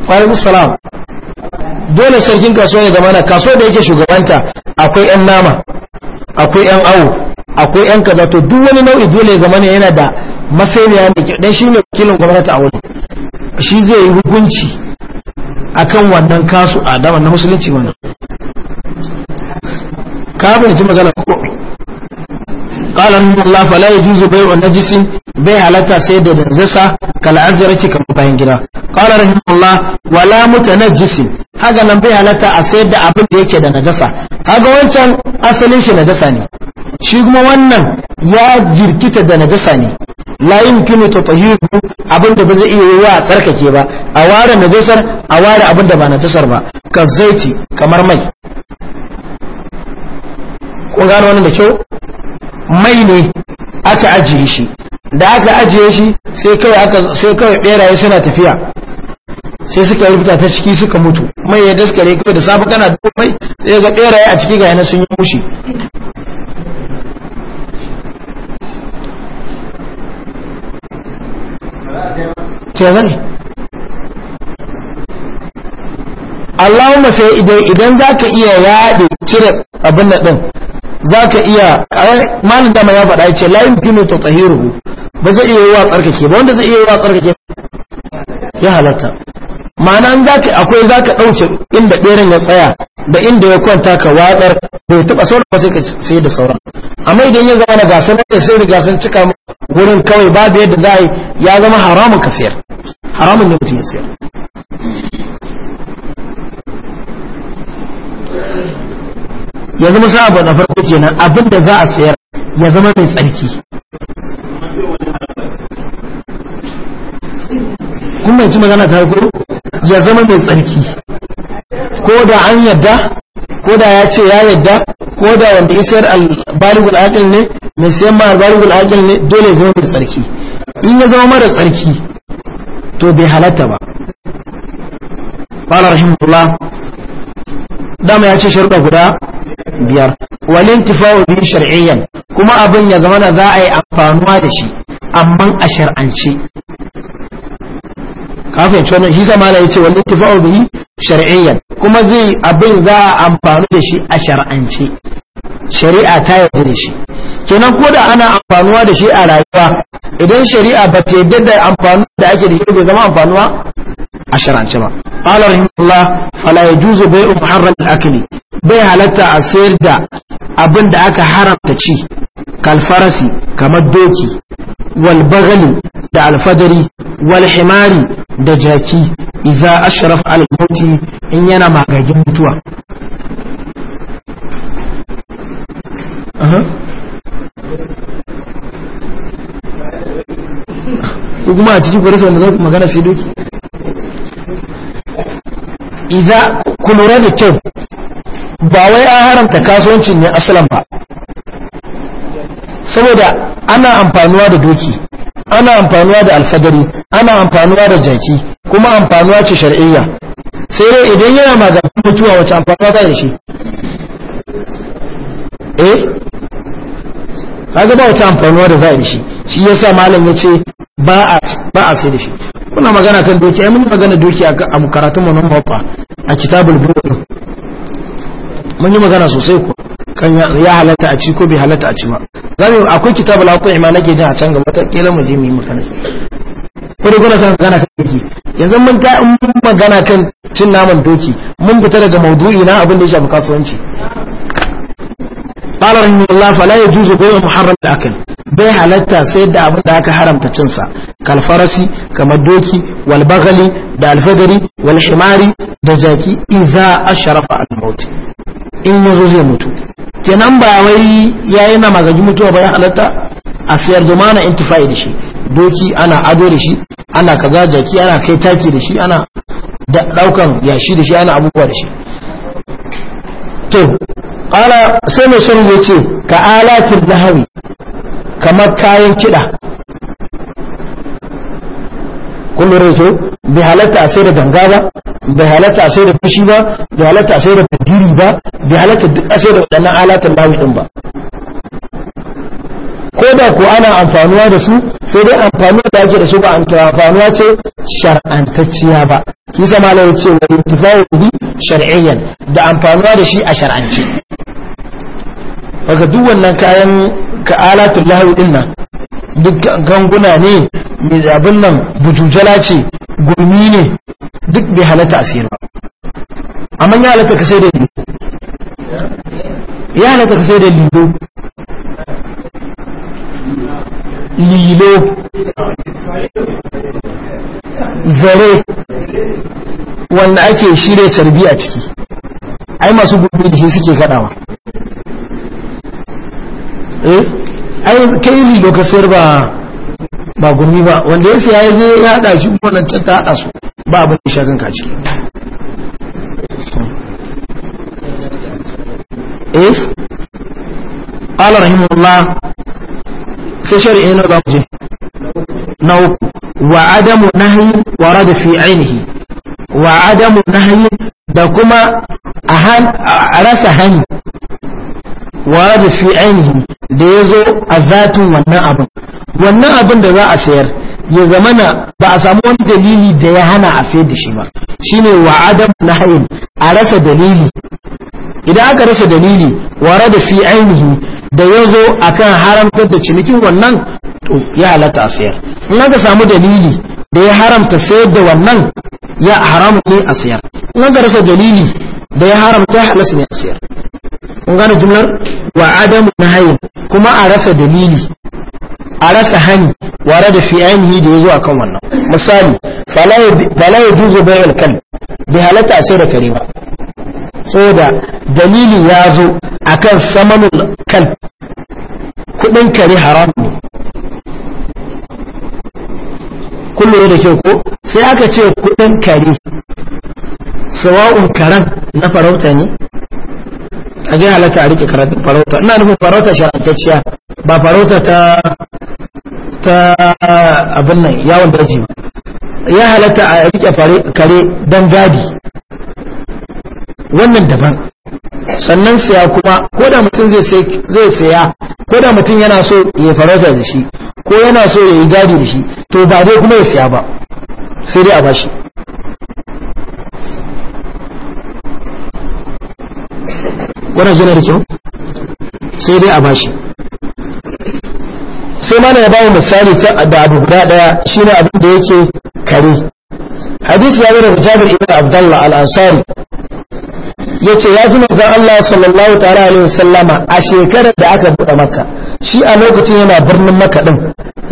ƙwararru salam dole sarkin kasuwa ya zamana kasuwa da yake shugabanta akwai 'yan nama akwai 'yan awo akwai 'yan kaza to duk wani nau'i dole ya yana da masaniya mai kyau dan shi ne wakilin gwamnati a wuri shi zai yi hukunci akan wannan kasu a da wannan musulunci wannan ka ji magana ko qala inna allah fala yajuzu bai'u najisin bai halatta sai da danzasa kal aziyarki kamar bayan gida qala rahimallah wala mutanajjis haga nan bai halatta a sayar da abin da yake da najasa haga wancan asalin shi najasa ne shi kuma wannan ya jirkita da najasa ne layin yumkinu tatahiru abin da ba zai iya wa a tsarkake ba a ware najasar a ware abin da ba najasar ba ka zaiti kamar mai kun gano wannan da kyau mai ne aka ajiye shi da aka ajiye shi sai kawai ɓeraye sai kawai beraye suna tafiya sai suka rubuta ta ciki suka mutu mai ya daskare kai da safe kana da mai sai ga beraye a ciki ga yana sun yi mushi ke zai Allahumma sai idan idan zaka iya yaɗe cire abin nan din zaka iya malin dama ya faɗa ya ce la yumkinu tatahiruhu ba zai iya yi wa tsarkake ba wanda zai iya yi wa tsarkake ya halatta ma'ana an zaka akwai zaka dauke inda beren ya tsaya da inda ya kwanta ka watsar bai taba sauran ba sai ka sai da sauran amma idan ya zama na gasar da sai riga sun cika gurin kawai babu yadda za ya zama haramun ka sayar haramun ne mutum ya sayar yanzu musa abu na farko kenan abinda za a sayar ya zama mai tsarki kun mai ci magana ta yi ya zama mai tsarki ko da an yadda ko da ya ce ya yadda ko da wanda isar albaligul aqil ne mai sayan ma albaligul aqil ne dole ya zama mai tsarki in ya zama mara tsarki to bai halatta ba qala rahimahullah dama ya ce sharuɗa guda biyar walin tifa'u bi shar'iyyan kuma abin ya zama za a yi amfanuwa da shi amma a shar'ance Kafin fahimci shi sama ya ce wal ittifa'u bihi shar'iyyan kuma zai abin za a amfani da shi a shar'ance shari'a ta yarda da shi kenan ko da ana amfanuwa da shi a rayuwa idan shari'a ba ta yarda da amfani da ake da shi bai zama amfanuwa a shar'ance ba qala rahimahullah fala yajuzu bai'u muharram al-akli bai halatta a sayar da abin da aka haramta ci kalfarasi kamar doki wal bagali da alfadari wal himari da jaki idza ashraf al mauti in yana magagin mutuwa ko kuma a cikin kwarisa wanda za ku magana sai doki idza ku lura da kyau ba wai an haramta kasuwancin ne asalan ba saboda ana amfanuwa da doki ana amfanuwa da alfadari ana amfanuwa da jaki kuma amfanuwa ce shar'iyya sai dai idan yana maganin mutuwa wacce amfanuwa ta da shi eh kaga ba wata amfanuwa da za a shi shi yasa malam ya ce ba a ba a sai da shi kuna magana kan doki ai mun magana doki a karatun mu nan a kitabul buru mun yi magana sosai ko kan ya halatta a ci ko bai halatta a ci ba zamu akwai kitabu la ta ima nake jin a can gaba ta kila mu je mu yi magana ko dai kuna san gana kan doki yanzu mun ta in magana kan cin naman doki mun fita daga maudu'i na abin da ya shafi kasuwanci قال رحمه fala فلا يجوز بيع محرم الاكل bai halatta sai da abin da aka haramta cinsa kalfarasi kamar doki walbagali da wal walhimari da jaki iza asharafa al-maut in yanzu zai mutu kenan ba wai yi na magaji mutuwa bayan halatta a sayar da na intifai da shi doki ana ado da shi ana kaza jaki ana kai taki da shi ana daukan yashi da shi ana abubuwa da shi to ala sai mai shirin ya ce ka alatin hawi kamar kayan kiɗa kullum rai da bi halatta a sai da ganga ba bai halatta sai da fushi ba bai halatta sai da fadiri ba bai halatta duk sai da waɗannan alatan nawi din ba ko da ko ana amfanuwa da su sai dai amfanuwa da ake da su ba amfanuwa ce shar'antacciya ba kisa ma lai ce wa intifawu bi shar'iyyan da amfanuwa da shi a shar'ance daga duk wannan kayan ka alatul lahu din duk ganguna ne mai abin nan bujujala ce gumi ne duk bai halatta a siyar ba amma ya halatta ka sai da lindo ya halatta ka sai da lindo lilo zare wanda ake shirya carbi a ciki ai masu gurbi da shi suke kadawa eh ai kai lilo ka sayar ba ba gurmi ba wanda ya siya ya je ya hada shi nan ta hada su ba abin da shagan ka ciki eh qala rahimullah sai shari'a na ba je na uku wa adamu nahyi wa rada fi ainihi wa adamu nahyi da kuma a rasa hani wa rada fi ainihi da ya zo a zatin wannan abin wannan abin da za a sayar ya zamana ba a samu wani dalili da ya hana a sayar da shi ba Shi ne, wa adam na nahayin a rasa dalili idan aka rasa dalili wara da fi ainihi da ya zo a kan haramta da cinikin wannan to ya halatta a sayar in aka samu dalili da ya haramta sayar da wannan ya haram ne a sayar in aka rasa dalili da ya haramta ya halasta ne a sayar kun gane jumlar wa Adam na nahayin kuma a rasa dalili a rasa hani ware da fi ainihi da ya zo akan wannan misali fala ya juzo bayan kalb bai halatta a sai da kare ba saboda dalili ya zo akan samanul kan kudin kare haram ne kullum da ke ko sai aka ce kudin kare sawa'un karan na farauta ne a ga halatta a rike karatun farauta ina nufin farauta sharantacciya ba farauta ta ta abin nan yawon daji ya halatta a rike kare don gadi wannan daban sannan saya kuma ko da mutum zai saya ko da mutum yana so ya farauta da shi ko yana so ya yi gadi da shi to ba dai kuma ya saya ba sai dai a bashi wannan zai da kyau sai dai a bashi sai mana ya bawa misali ta da abu guda daya shine abin da yake kare hadisi ya daga Jabir ibn Abdullah al-Ansari yace ya ji manzon Allah sallallahu ta'ala alaihi wasallama a shekarar da aka buɗe Makka shi a lokacin yana birnin Makka din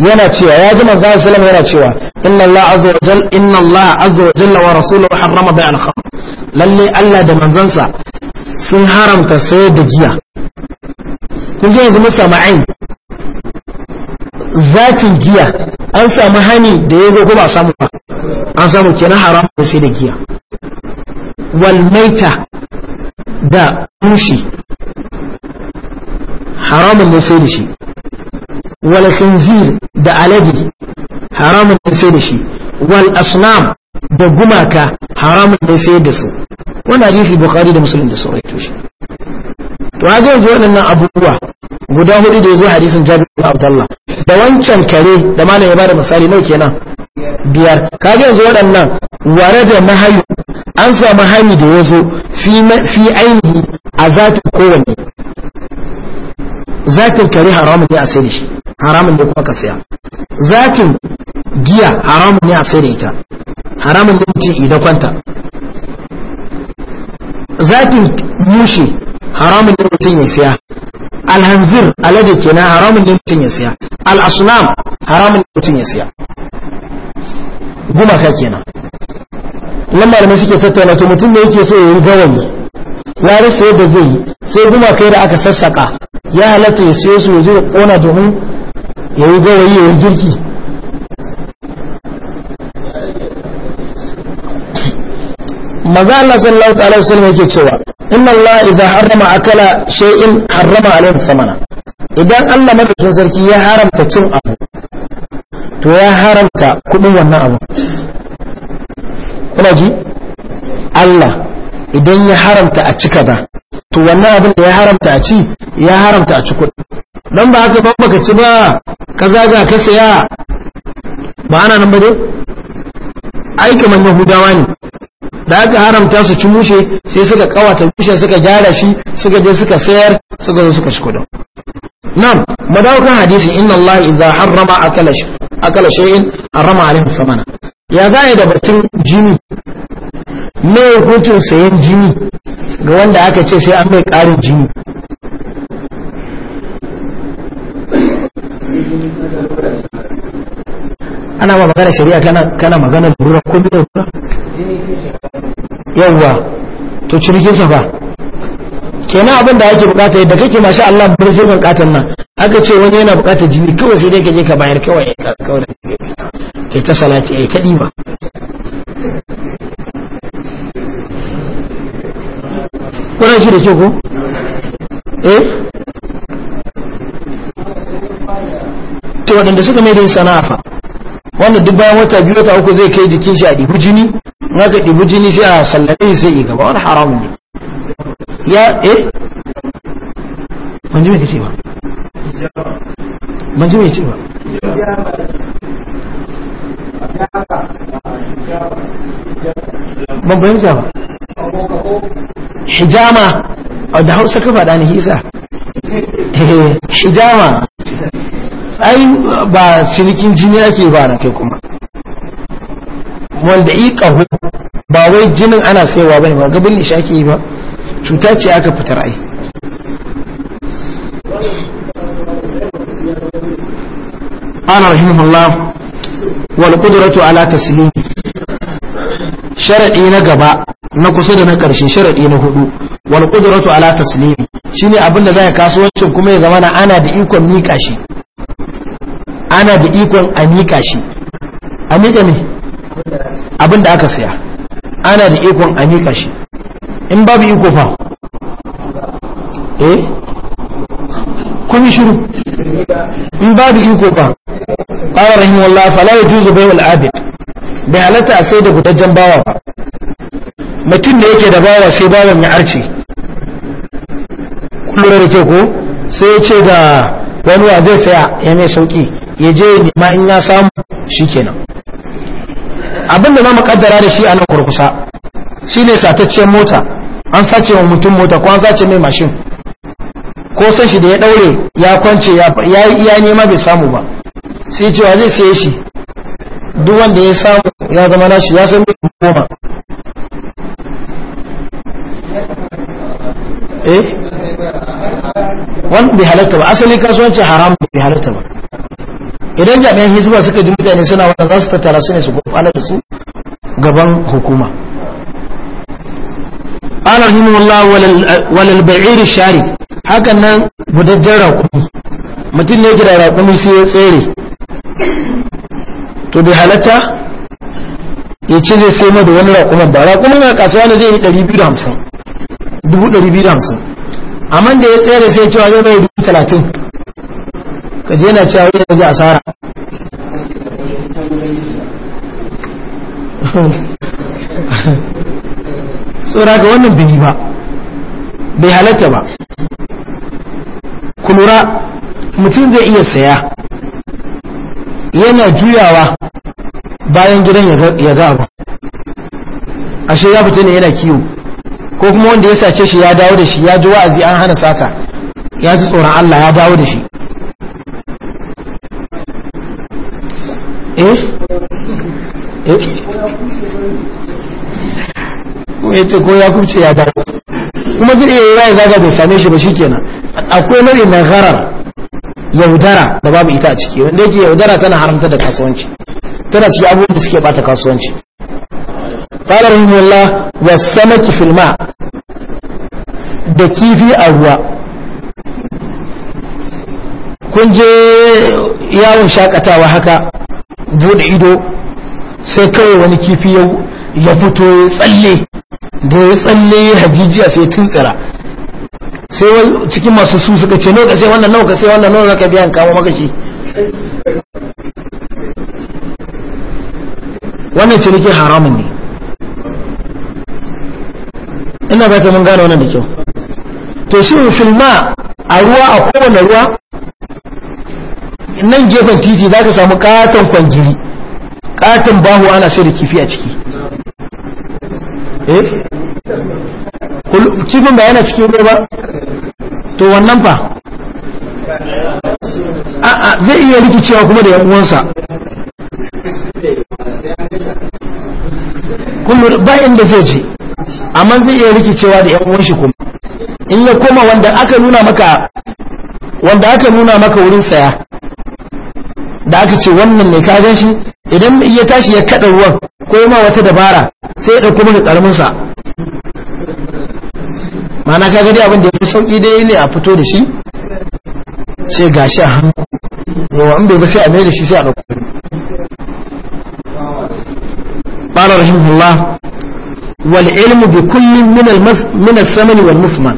yana cewa ya ji manzon sallallahu yana cewa inna Allah azza wa jalla inna Allah azza wa jalla wa rasuluhu harrama bai'al khamr lalle Allah da manzansa sun haramta sayar da giya kun ji yanzu mun samu zatin giya an samu hani da ya zo ko ba samu ba an samu kenan haram ne sai da giya walmaita da mushi haramun ne sai da shi wal khinzir da alaji haramun ne sai da shi wal asnam da gumaka haramun ne sai da su wannan hadisi bukhari da muslim da sauran to shi to ga yanzu nan abubuwa guda hudu da ya zo hadisin jabir bin abdullah da wancan kare da malam ya bada misali nawa kenan biyar kaga yanzu waɗannan ware da nahayu an samu hani da ya zo fi ainihi a zatin kowanne zatin kare haramun ne a sai da shi haramun ne kuma ka saya zatin giya haramun ne a sai da ita haramun ne mutum idan kwanta zatin mushe haramun ne mutum ya siya alhanzir alade kenan haramun ne mutum ya siya al'asulam haramun ne mutum ya siya gumaka kenan nan malamai suke tattauna to mutum ne yake so ya yi gawayi ya rasa yadda zai yi sai gumakai da aka sassaka ya halatta ya siyo su ya kona domin ya yi gawayi ya yi girki maza Allah sallallahu alaihi wasallam yake cewa inna Allah idza harrama akala shay'in harrama alaihi thamana idan Allah madaukakin sarki ya haramta cin abu to ya haramta kudin wannan abu kuna ji Allah idan ya haramta a ci kaza to wannan abin da ya haramta a ci ya haramta a ci kudi dan ba haka ban baka ci ba ka zaga ka saya ba ana nan ba dai ai kaman yahudawa ne da aka haramta su ci mushe sai suka kawata mushe suka gyara shi suka je suka sayar suka zo suka ci kudin nan madaukan hadisin inna Allah idza harrama akala shay'in harrama alaihi samana ya za da batun jini me hukuncin sayan jini ga wanda aka ce sai an mai karin jini ana ba magana shari'a kana magana lura ko mai lura yawwa to cinikinsa safa kenan abin da ake bukata yadda kake masha Allah jirgin katan nan aka ce wani yana bukata jini kawai sai dai ka je ka bayar kawai kawai kai ta salati ai kadi ba kuna shi da ke ko eh to waɗanda suka mai da sana'a fa wannan duk bayan wata biyu ta uku zai kai jikin shi a ɗibi jini na ka ɗibi jini sai a sallame sai yi gaba wani haramun ne ya eh manji mai kace ba manji mai ce ba ban fahimta hijama a da hausa ka faɗa ni hisa eh, hijama ai ba cinikin jini ake ba na kai kuma wanda yi ƙahu ba wai jinin ana saiwa ba ne ba gabin nisha ke yi ba cuta ce aka fitar ai ana rahimu Allah wani ƙudurato ala ta sharaɗi na gaba na kusa da na ƙarshe sharaɗi na hudu wani ƙudurato ala ta silimi shi ne abinda za a kuma ya zama ana da ikon mika shi ana da ikon a shi Amika ne abin da aka siya ana da ikon a mika shi in babu iko fa eh kun yi shiru in babu iko fa qala rahimahullah fala yajuzu al abid bai halatta sai da gudajen bawa ba mutum da yake da bawa sai bawan ya arce kullum da ke ko sai ya ce da wani wa zai saya ya mai sauki ya je ma in ya samu Shi shikenan abinda za mu kaddara da shi a nan kurkusa shi ne satacciyar mota an sace wa mutum mota ko an sace mai mashin ko san shi da ya daure ya kwance ya yi iya nema bai samu ba sai cewa zai saye shi duk wanda ya samu ya zama nashi ya san mai goma eh wani bai halatta ba asali kasuwanci haram bai halatta ba idan jami'an hizba suka ji mutane suna wata za su tattara su ne su gurfanar da su gaban hukuma قال رحمه walal ba'ir shari hakan nan budajjar raƙumi. mutum ne jira raƙumi sai ya tsere to bai halatta ya ce zai sai mada wani raƙumar ba raƙumar na kasuwa ne zai yi 250 amma da ya tsere sai cewa zai bai 30 ka je na cewa wani yanzu asara tsora ga wannan bai ba bai halatta ba kulura mutum zai iya saya yana juyawa bayan gidan ya ga abu ashe ya fita ne yana kiwo ko kuma wanda ya sace shi ya dawo da shi ya ji wa'azi an hana sata ya ji tsoron Allah ya dawo da shi ايه eh? ايه eh? ko ya ya kuma zai iya yi ya zaga bai same shi ba shi kenan akwai nau'in na gharar yaudara da babu ita a ciki wanda yake yaudara tana haramta da kasuwanci tana ciki abubuwan da suke bata kasuwanci qala rahimullah wa samaki fil ma da kifi a ruwa kun je yawon shakatawa haka bude ido sai kawai wani kifi ya fito ya tsalle da ya tsalle ya hajijiya sai tuntsira sai cikin masu su suka ce nauka sai wannan nauka sai wannan nauka ka biyan kama maka shi wannan nake haramun ne ina ba ta mun gane wannan da kyau to shi filma a ruwa a kowane ruwa nan gefen titi za ka samu katon kwangiri katon bahu ana sai da kifi a ciki eh kifin ba yana cikin ruwa ba to wannan fa a'a zai iya rikicewa kuma da yan'uwansa kullum ba inda zai je amma zai iya rikicewa da 'yan uwanshi kuma in ya koma wanda aka nuna maka wanda aka nuna maka wurin saya da aka ce wannan ne ka gan shi idan ya tashi ya kada ruwan ko ma wata dabara sai ya dauko maka karamin sa mana ka gani abin da ya fi sauki dai ne a fito da shi sai gashi a hannu yawa in bai ba sai a mai da shi sai a dauko قال min al samani wal musman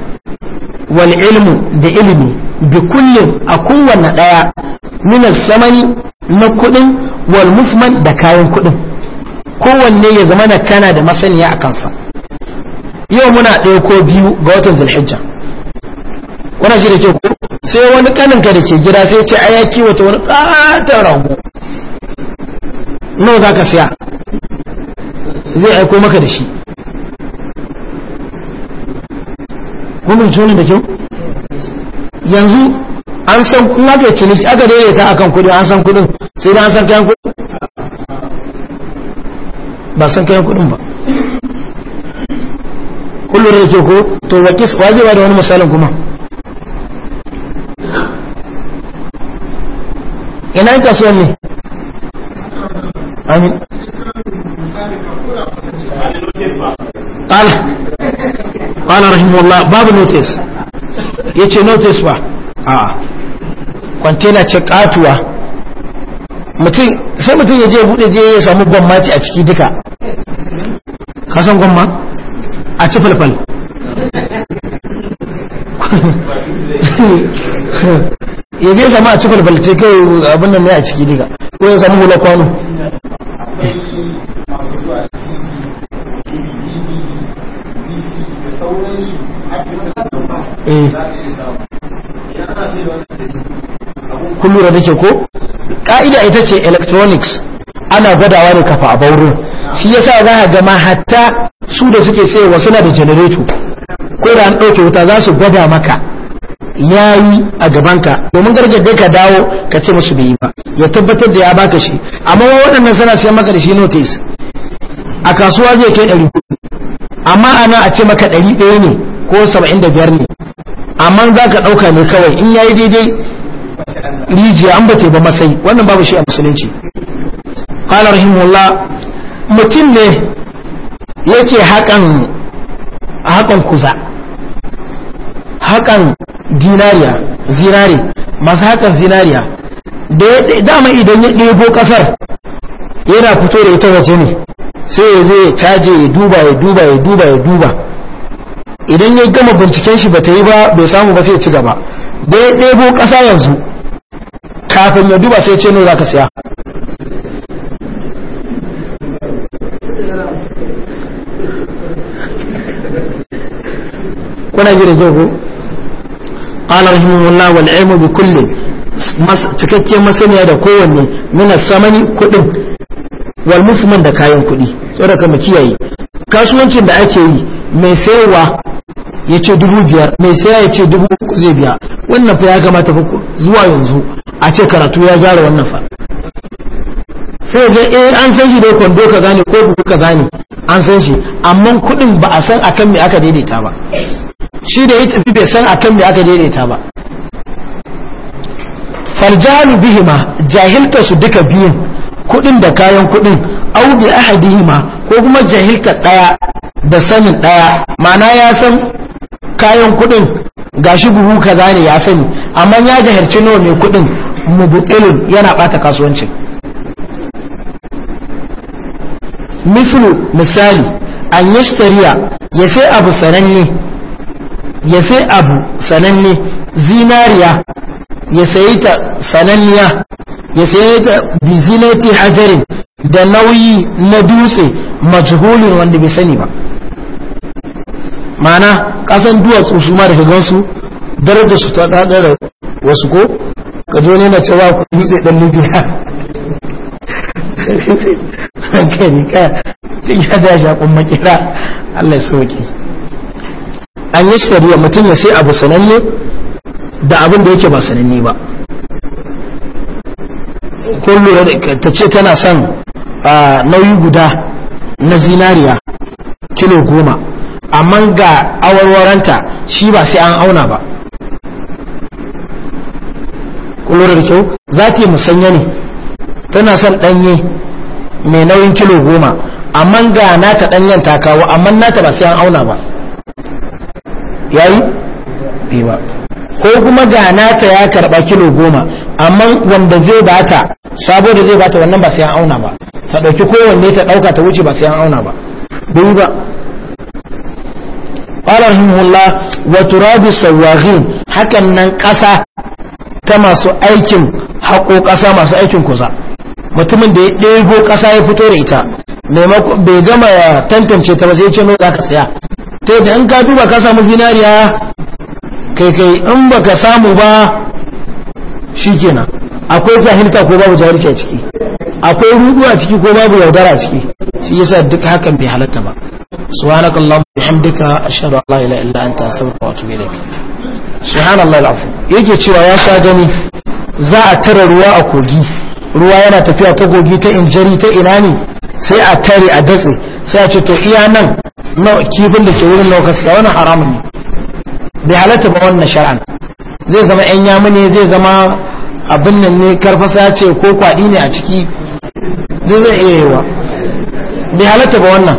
wal ilm bi ilmi bi kulli بكل أكون daya minas samani na kudin wal musman da kayan kudin kowanne ya zama na kana da masaniya a kansa yau muna ɗaya ko biyu ga watan zulhijja kuna shi da ke ko sai wani kaninka da ke gida sai ce a ya wata wani ƙaton rago nawa za ka siya zai aiko maka da shi kuma shi da kyau yanzu an san in aka ciniki aka daidaita akan kudin an san kudin sai da an san kayan kudin ba san kayan kudin ba kullum da ke ko to wakis wajewa da wani misalin kuma ina yin kasuwan ne amin قال قال رحمه الله باب نوتيس يتي نوتيس با اه kwantena ce katuwa sai mutum ya je buɗe je ya samu gwammaci a ciki duka kasan gwamma a ci falfal ya je samu a ci falfal ce kai abin da ne a ciki duka ko ya samu hula kwano eh kun lura da ke ko ka'ida ita ce electronics ana gwadawa ne kafa a baurin shi yasa za a gama hatta su da suke wasu suna da generator ko da an ɗauke wuta za su gwada maka ya yi a gabanka domin gargaje ka dawo ka ce musu bai yi ba ya tabbatar da ya baka shi amma waɗannan suna sayan maka da shi notice a kasuwa zai kai ɗari amma ana a ce maka ɗari ɗaya ne ko saba'in da biyar ne amma za ka ɗauka ne kawai in ya yi daidai rijiya an bata ba masai wannan babu shi a musulunci qala rahimullah mutum ne yake hakan hakan kuza hakan dinariya zinari masu hakan zinariya dama idan ya ɗebo ƙasar yana fito da ita waje ne sai ya zo ya caje ya duba ya duba ya duba ya duba idan ya gama binciken shi ba ta yi ba bai samu ba sai ya ci gaba da ya ɗebo ƙasa yanzu kafin ya duba sai ce ne za ka siya kuna ji da zoho ƙala rahimahullah wal ilmu bi kulle cikakken masaniya da kowanne muna samani kuɗin wal musman da kayan kuɗi tsoraka mu kiyaye kasuwancin da ake yi mai sayarwa ya ce dubu biyar mai saya ya ce dubu uku zai biya wannan fa ya kamata fa zuwa yanzu a ce karatu ya gyara wannan fa sai ga eh an san shi dai kwando ka gane ko buku ka gane an san shi amma kudin ba a san akan me aka daidaita ba shi da ya tafi bai san akan me aka daidaita ba farjalu bihima jahilta su duka biyun kudin da kayan kudin au bi ahadihima ko kuma jahilta daya da sanin daya ma'ana ya san kayan kudin gashi buhu kaza ne ya sani amma ya jahirci nawa mai kudin mubutilun yana bata kasuwancin mislu misali an yashtariya ya sai abu sananne ya sai abu sananne zinariya ya sayi ta sananniya ya sayi ta bizinati hajarin da nauyi na dutse majhulin wanda bai sani ba mana kasan duwatsu su ma da kagansu daraja su ta kada da wasu ko zo ne na cewa ku dutse dan libya hankali ka ya da makira allah sauki an yi shari'a mutum ya sai abu sananne da abin da yake ba sananne ba ko lura da ta ce tana son ah, nauyi guda na zinariya kilo goma amma ga awarwaranta shi ba sai an auna ba kullum da kyau za ta yi musanya ne tana son ɗanye mai nauyin kilo goma amma ga nata ɗanyen ta kawo amma nata ba sai an auna ba yayi bai ba ko kuma ga nata ya karɓa kilo goma amma wanda zai bata sabo da zai bata wannan ba sai an auna ba ta ɗauki kowanne ta ɗauka ta wuce ba sai an auna ba bai ba qala rahimahullah wa turabi hakan nan ƙasa ta masu aikin haƙo ƙasa masu aikin kusa mutumin da ya ɗebo ƙasa ya fito da ita bai gama ya tantance ta ba sai ce nuna za ka saya ta yadda in ka duba ka samu zinariya kai kai in ba ka samu ba shi kenan akwai jahilta ko babu jahilta a ciki akwai rudu a ciki ko babu yaudara a ciki shi yasa duk hakan bai halatta ba سبحانك اللهم وبحمدك أشهد أن لا إله إلا أنت أستغفرك وأتوب إليك سبحان الله العظيم yake cewa ya sha gani za a tara ruwa a kogi ruwa yana tafiya ta kogi ta injari ta ina ne sai a tare a datse sai a ce to iya nan kifin da ke wurin lokaci gaskiya wannan haramun ne bai halatta ba wannan shar'an zai zama yan yamu ne zai zama abin nan ne karfasa ya ce ko kwaɗi ne a ciki duk zai iya yiwa bai halatta ba wannan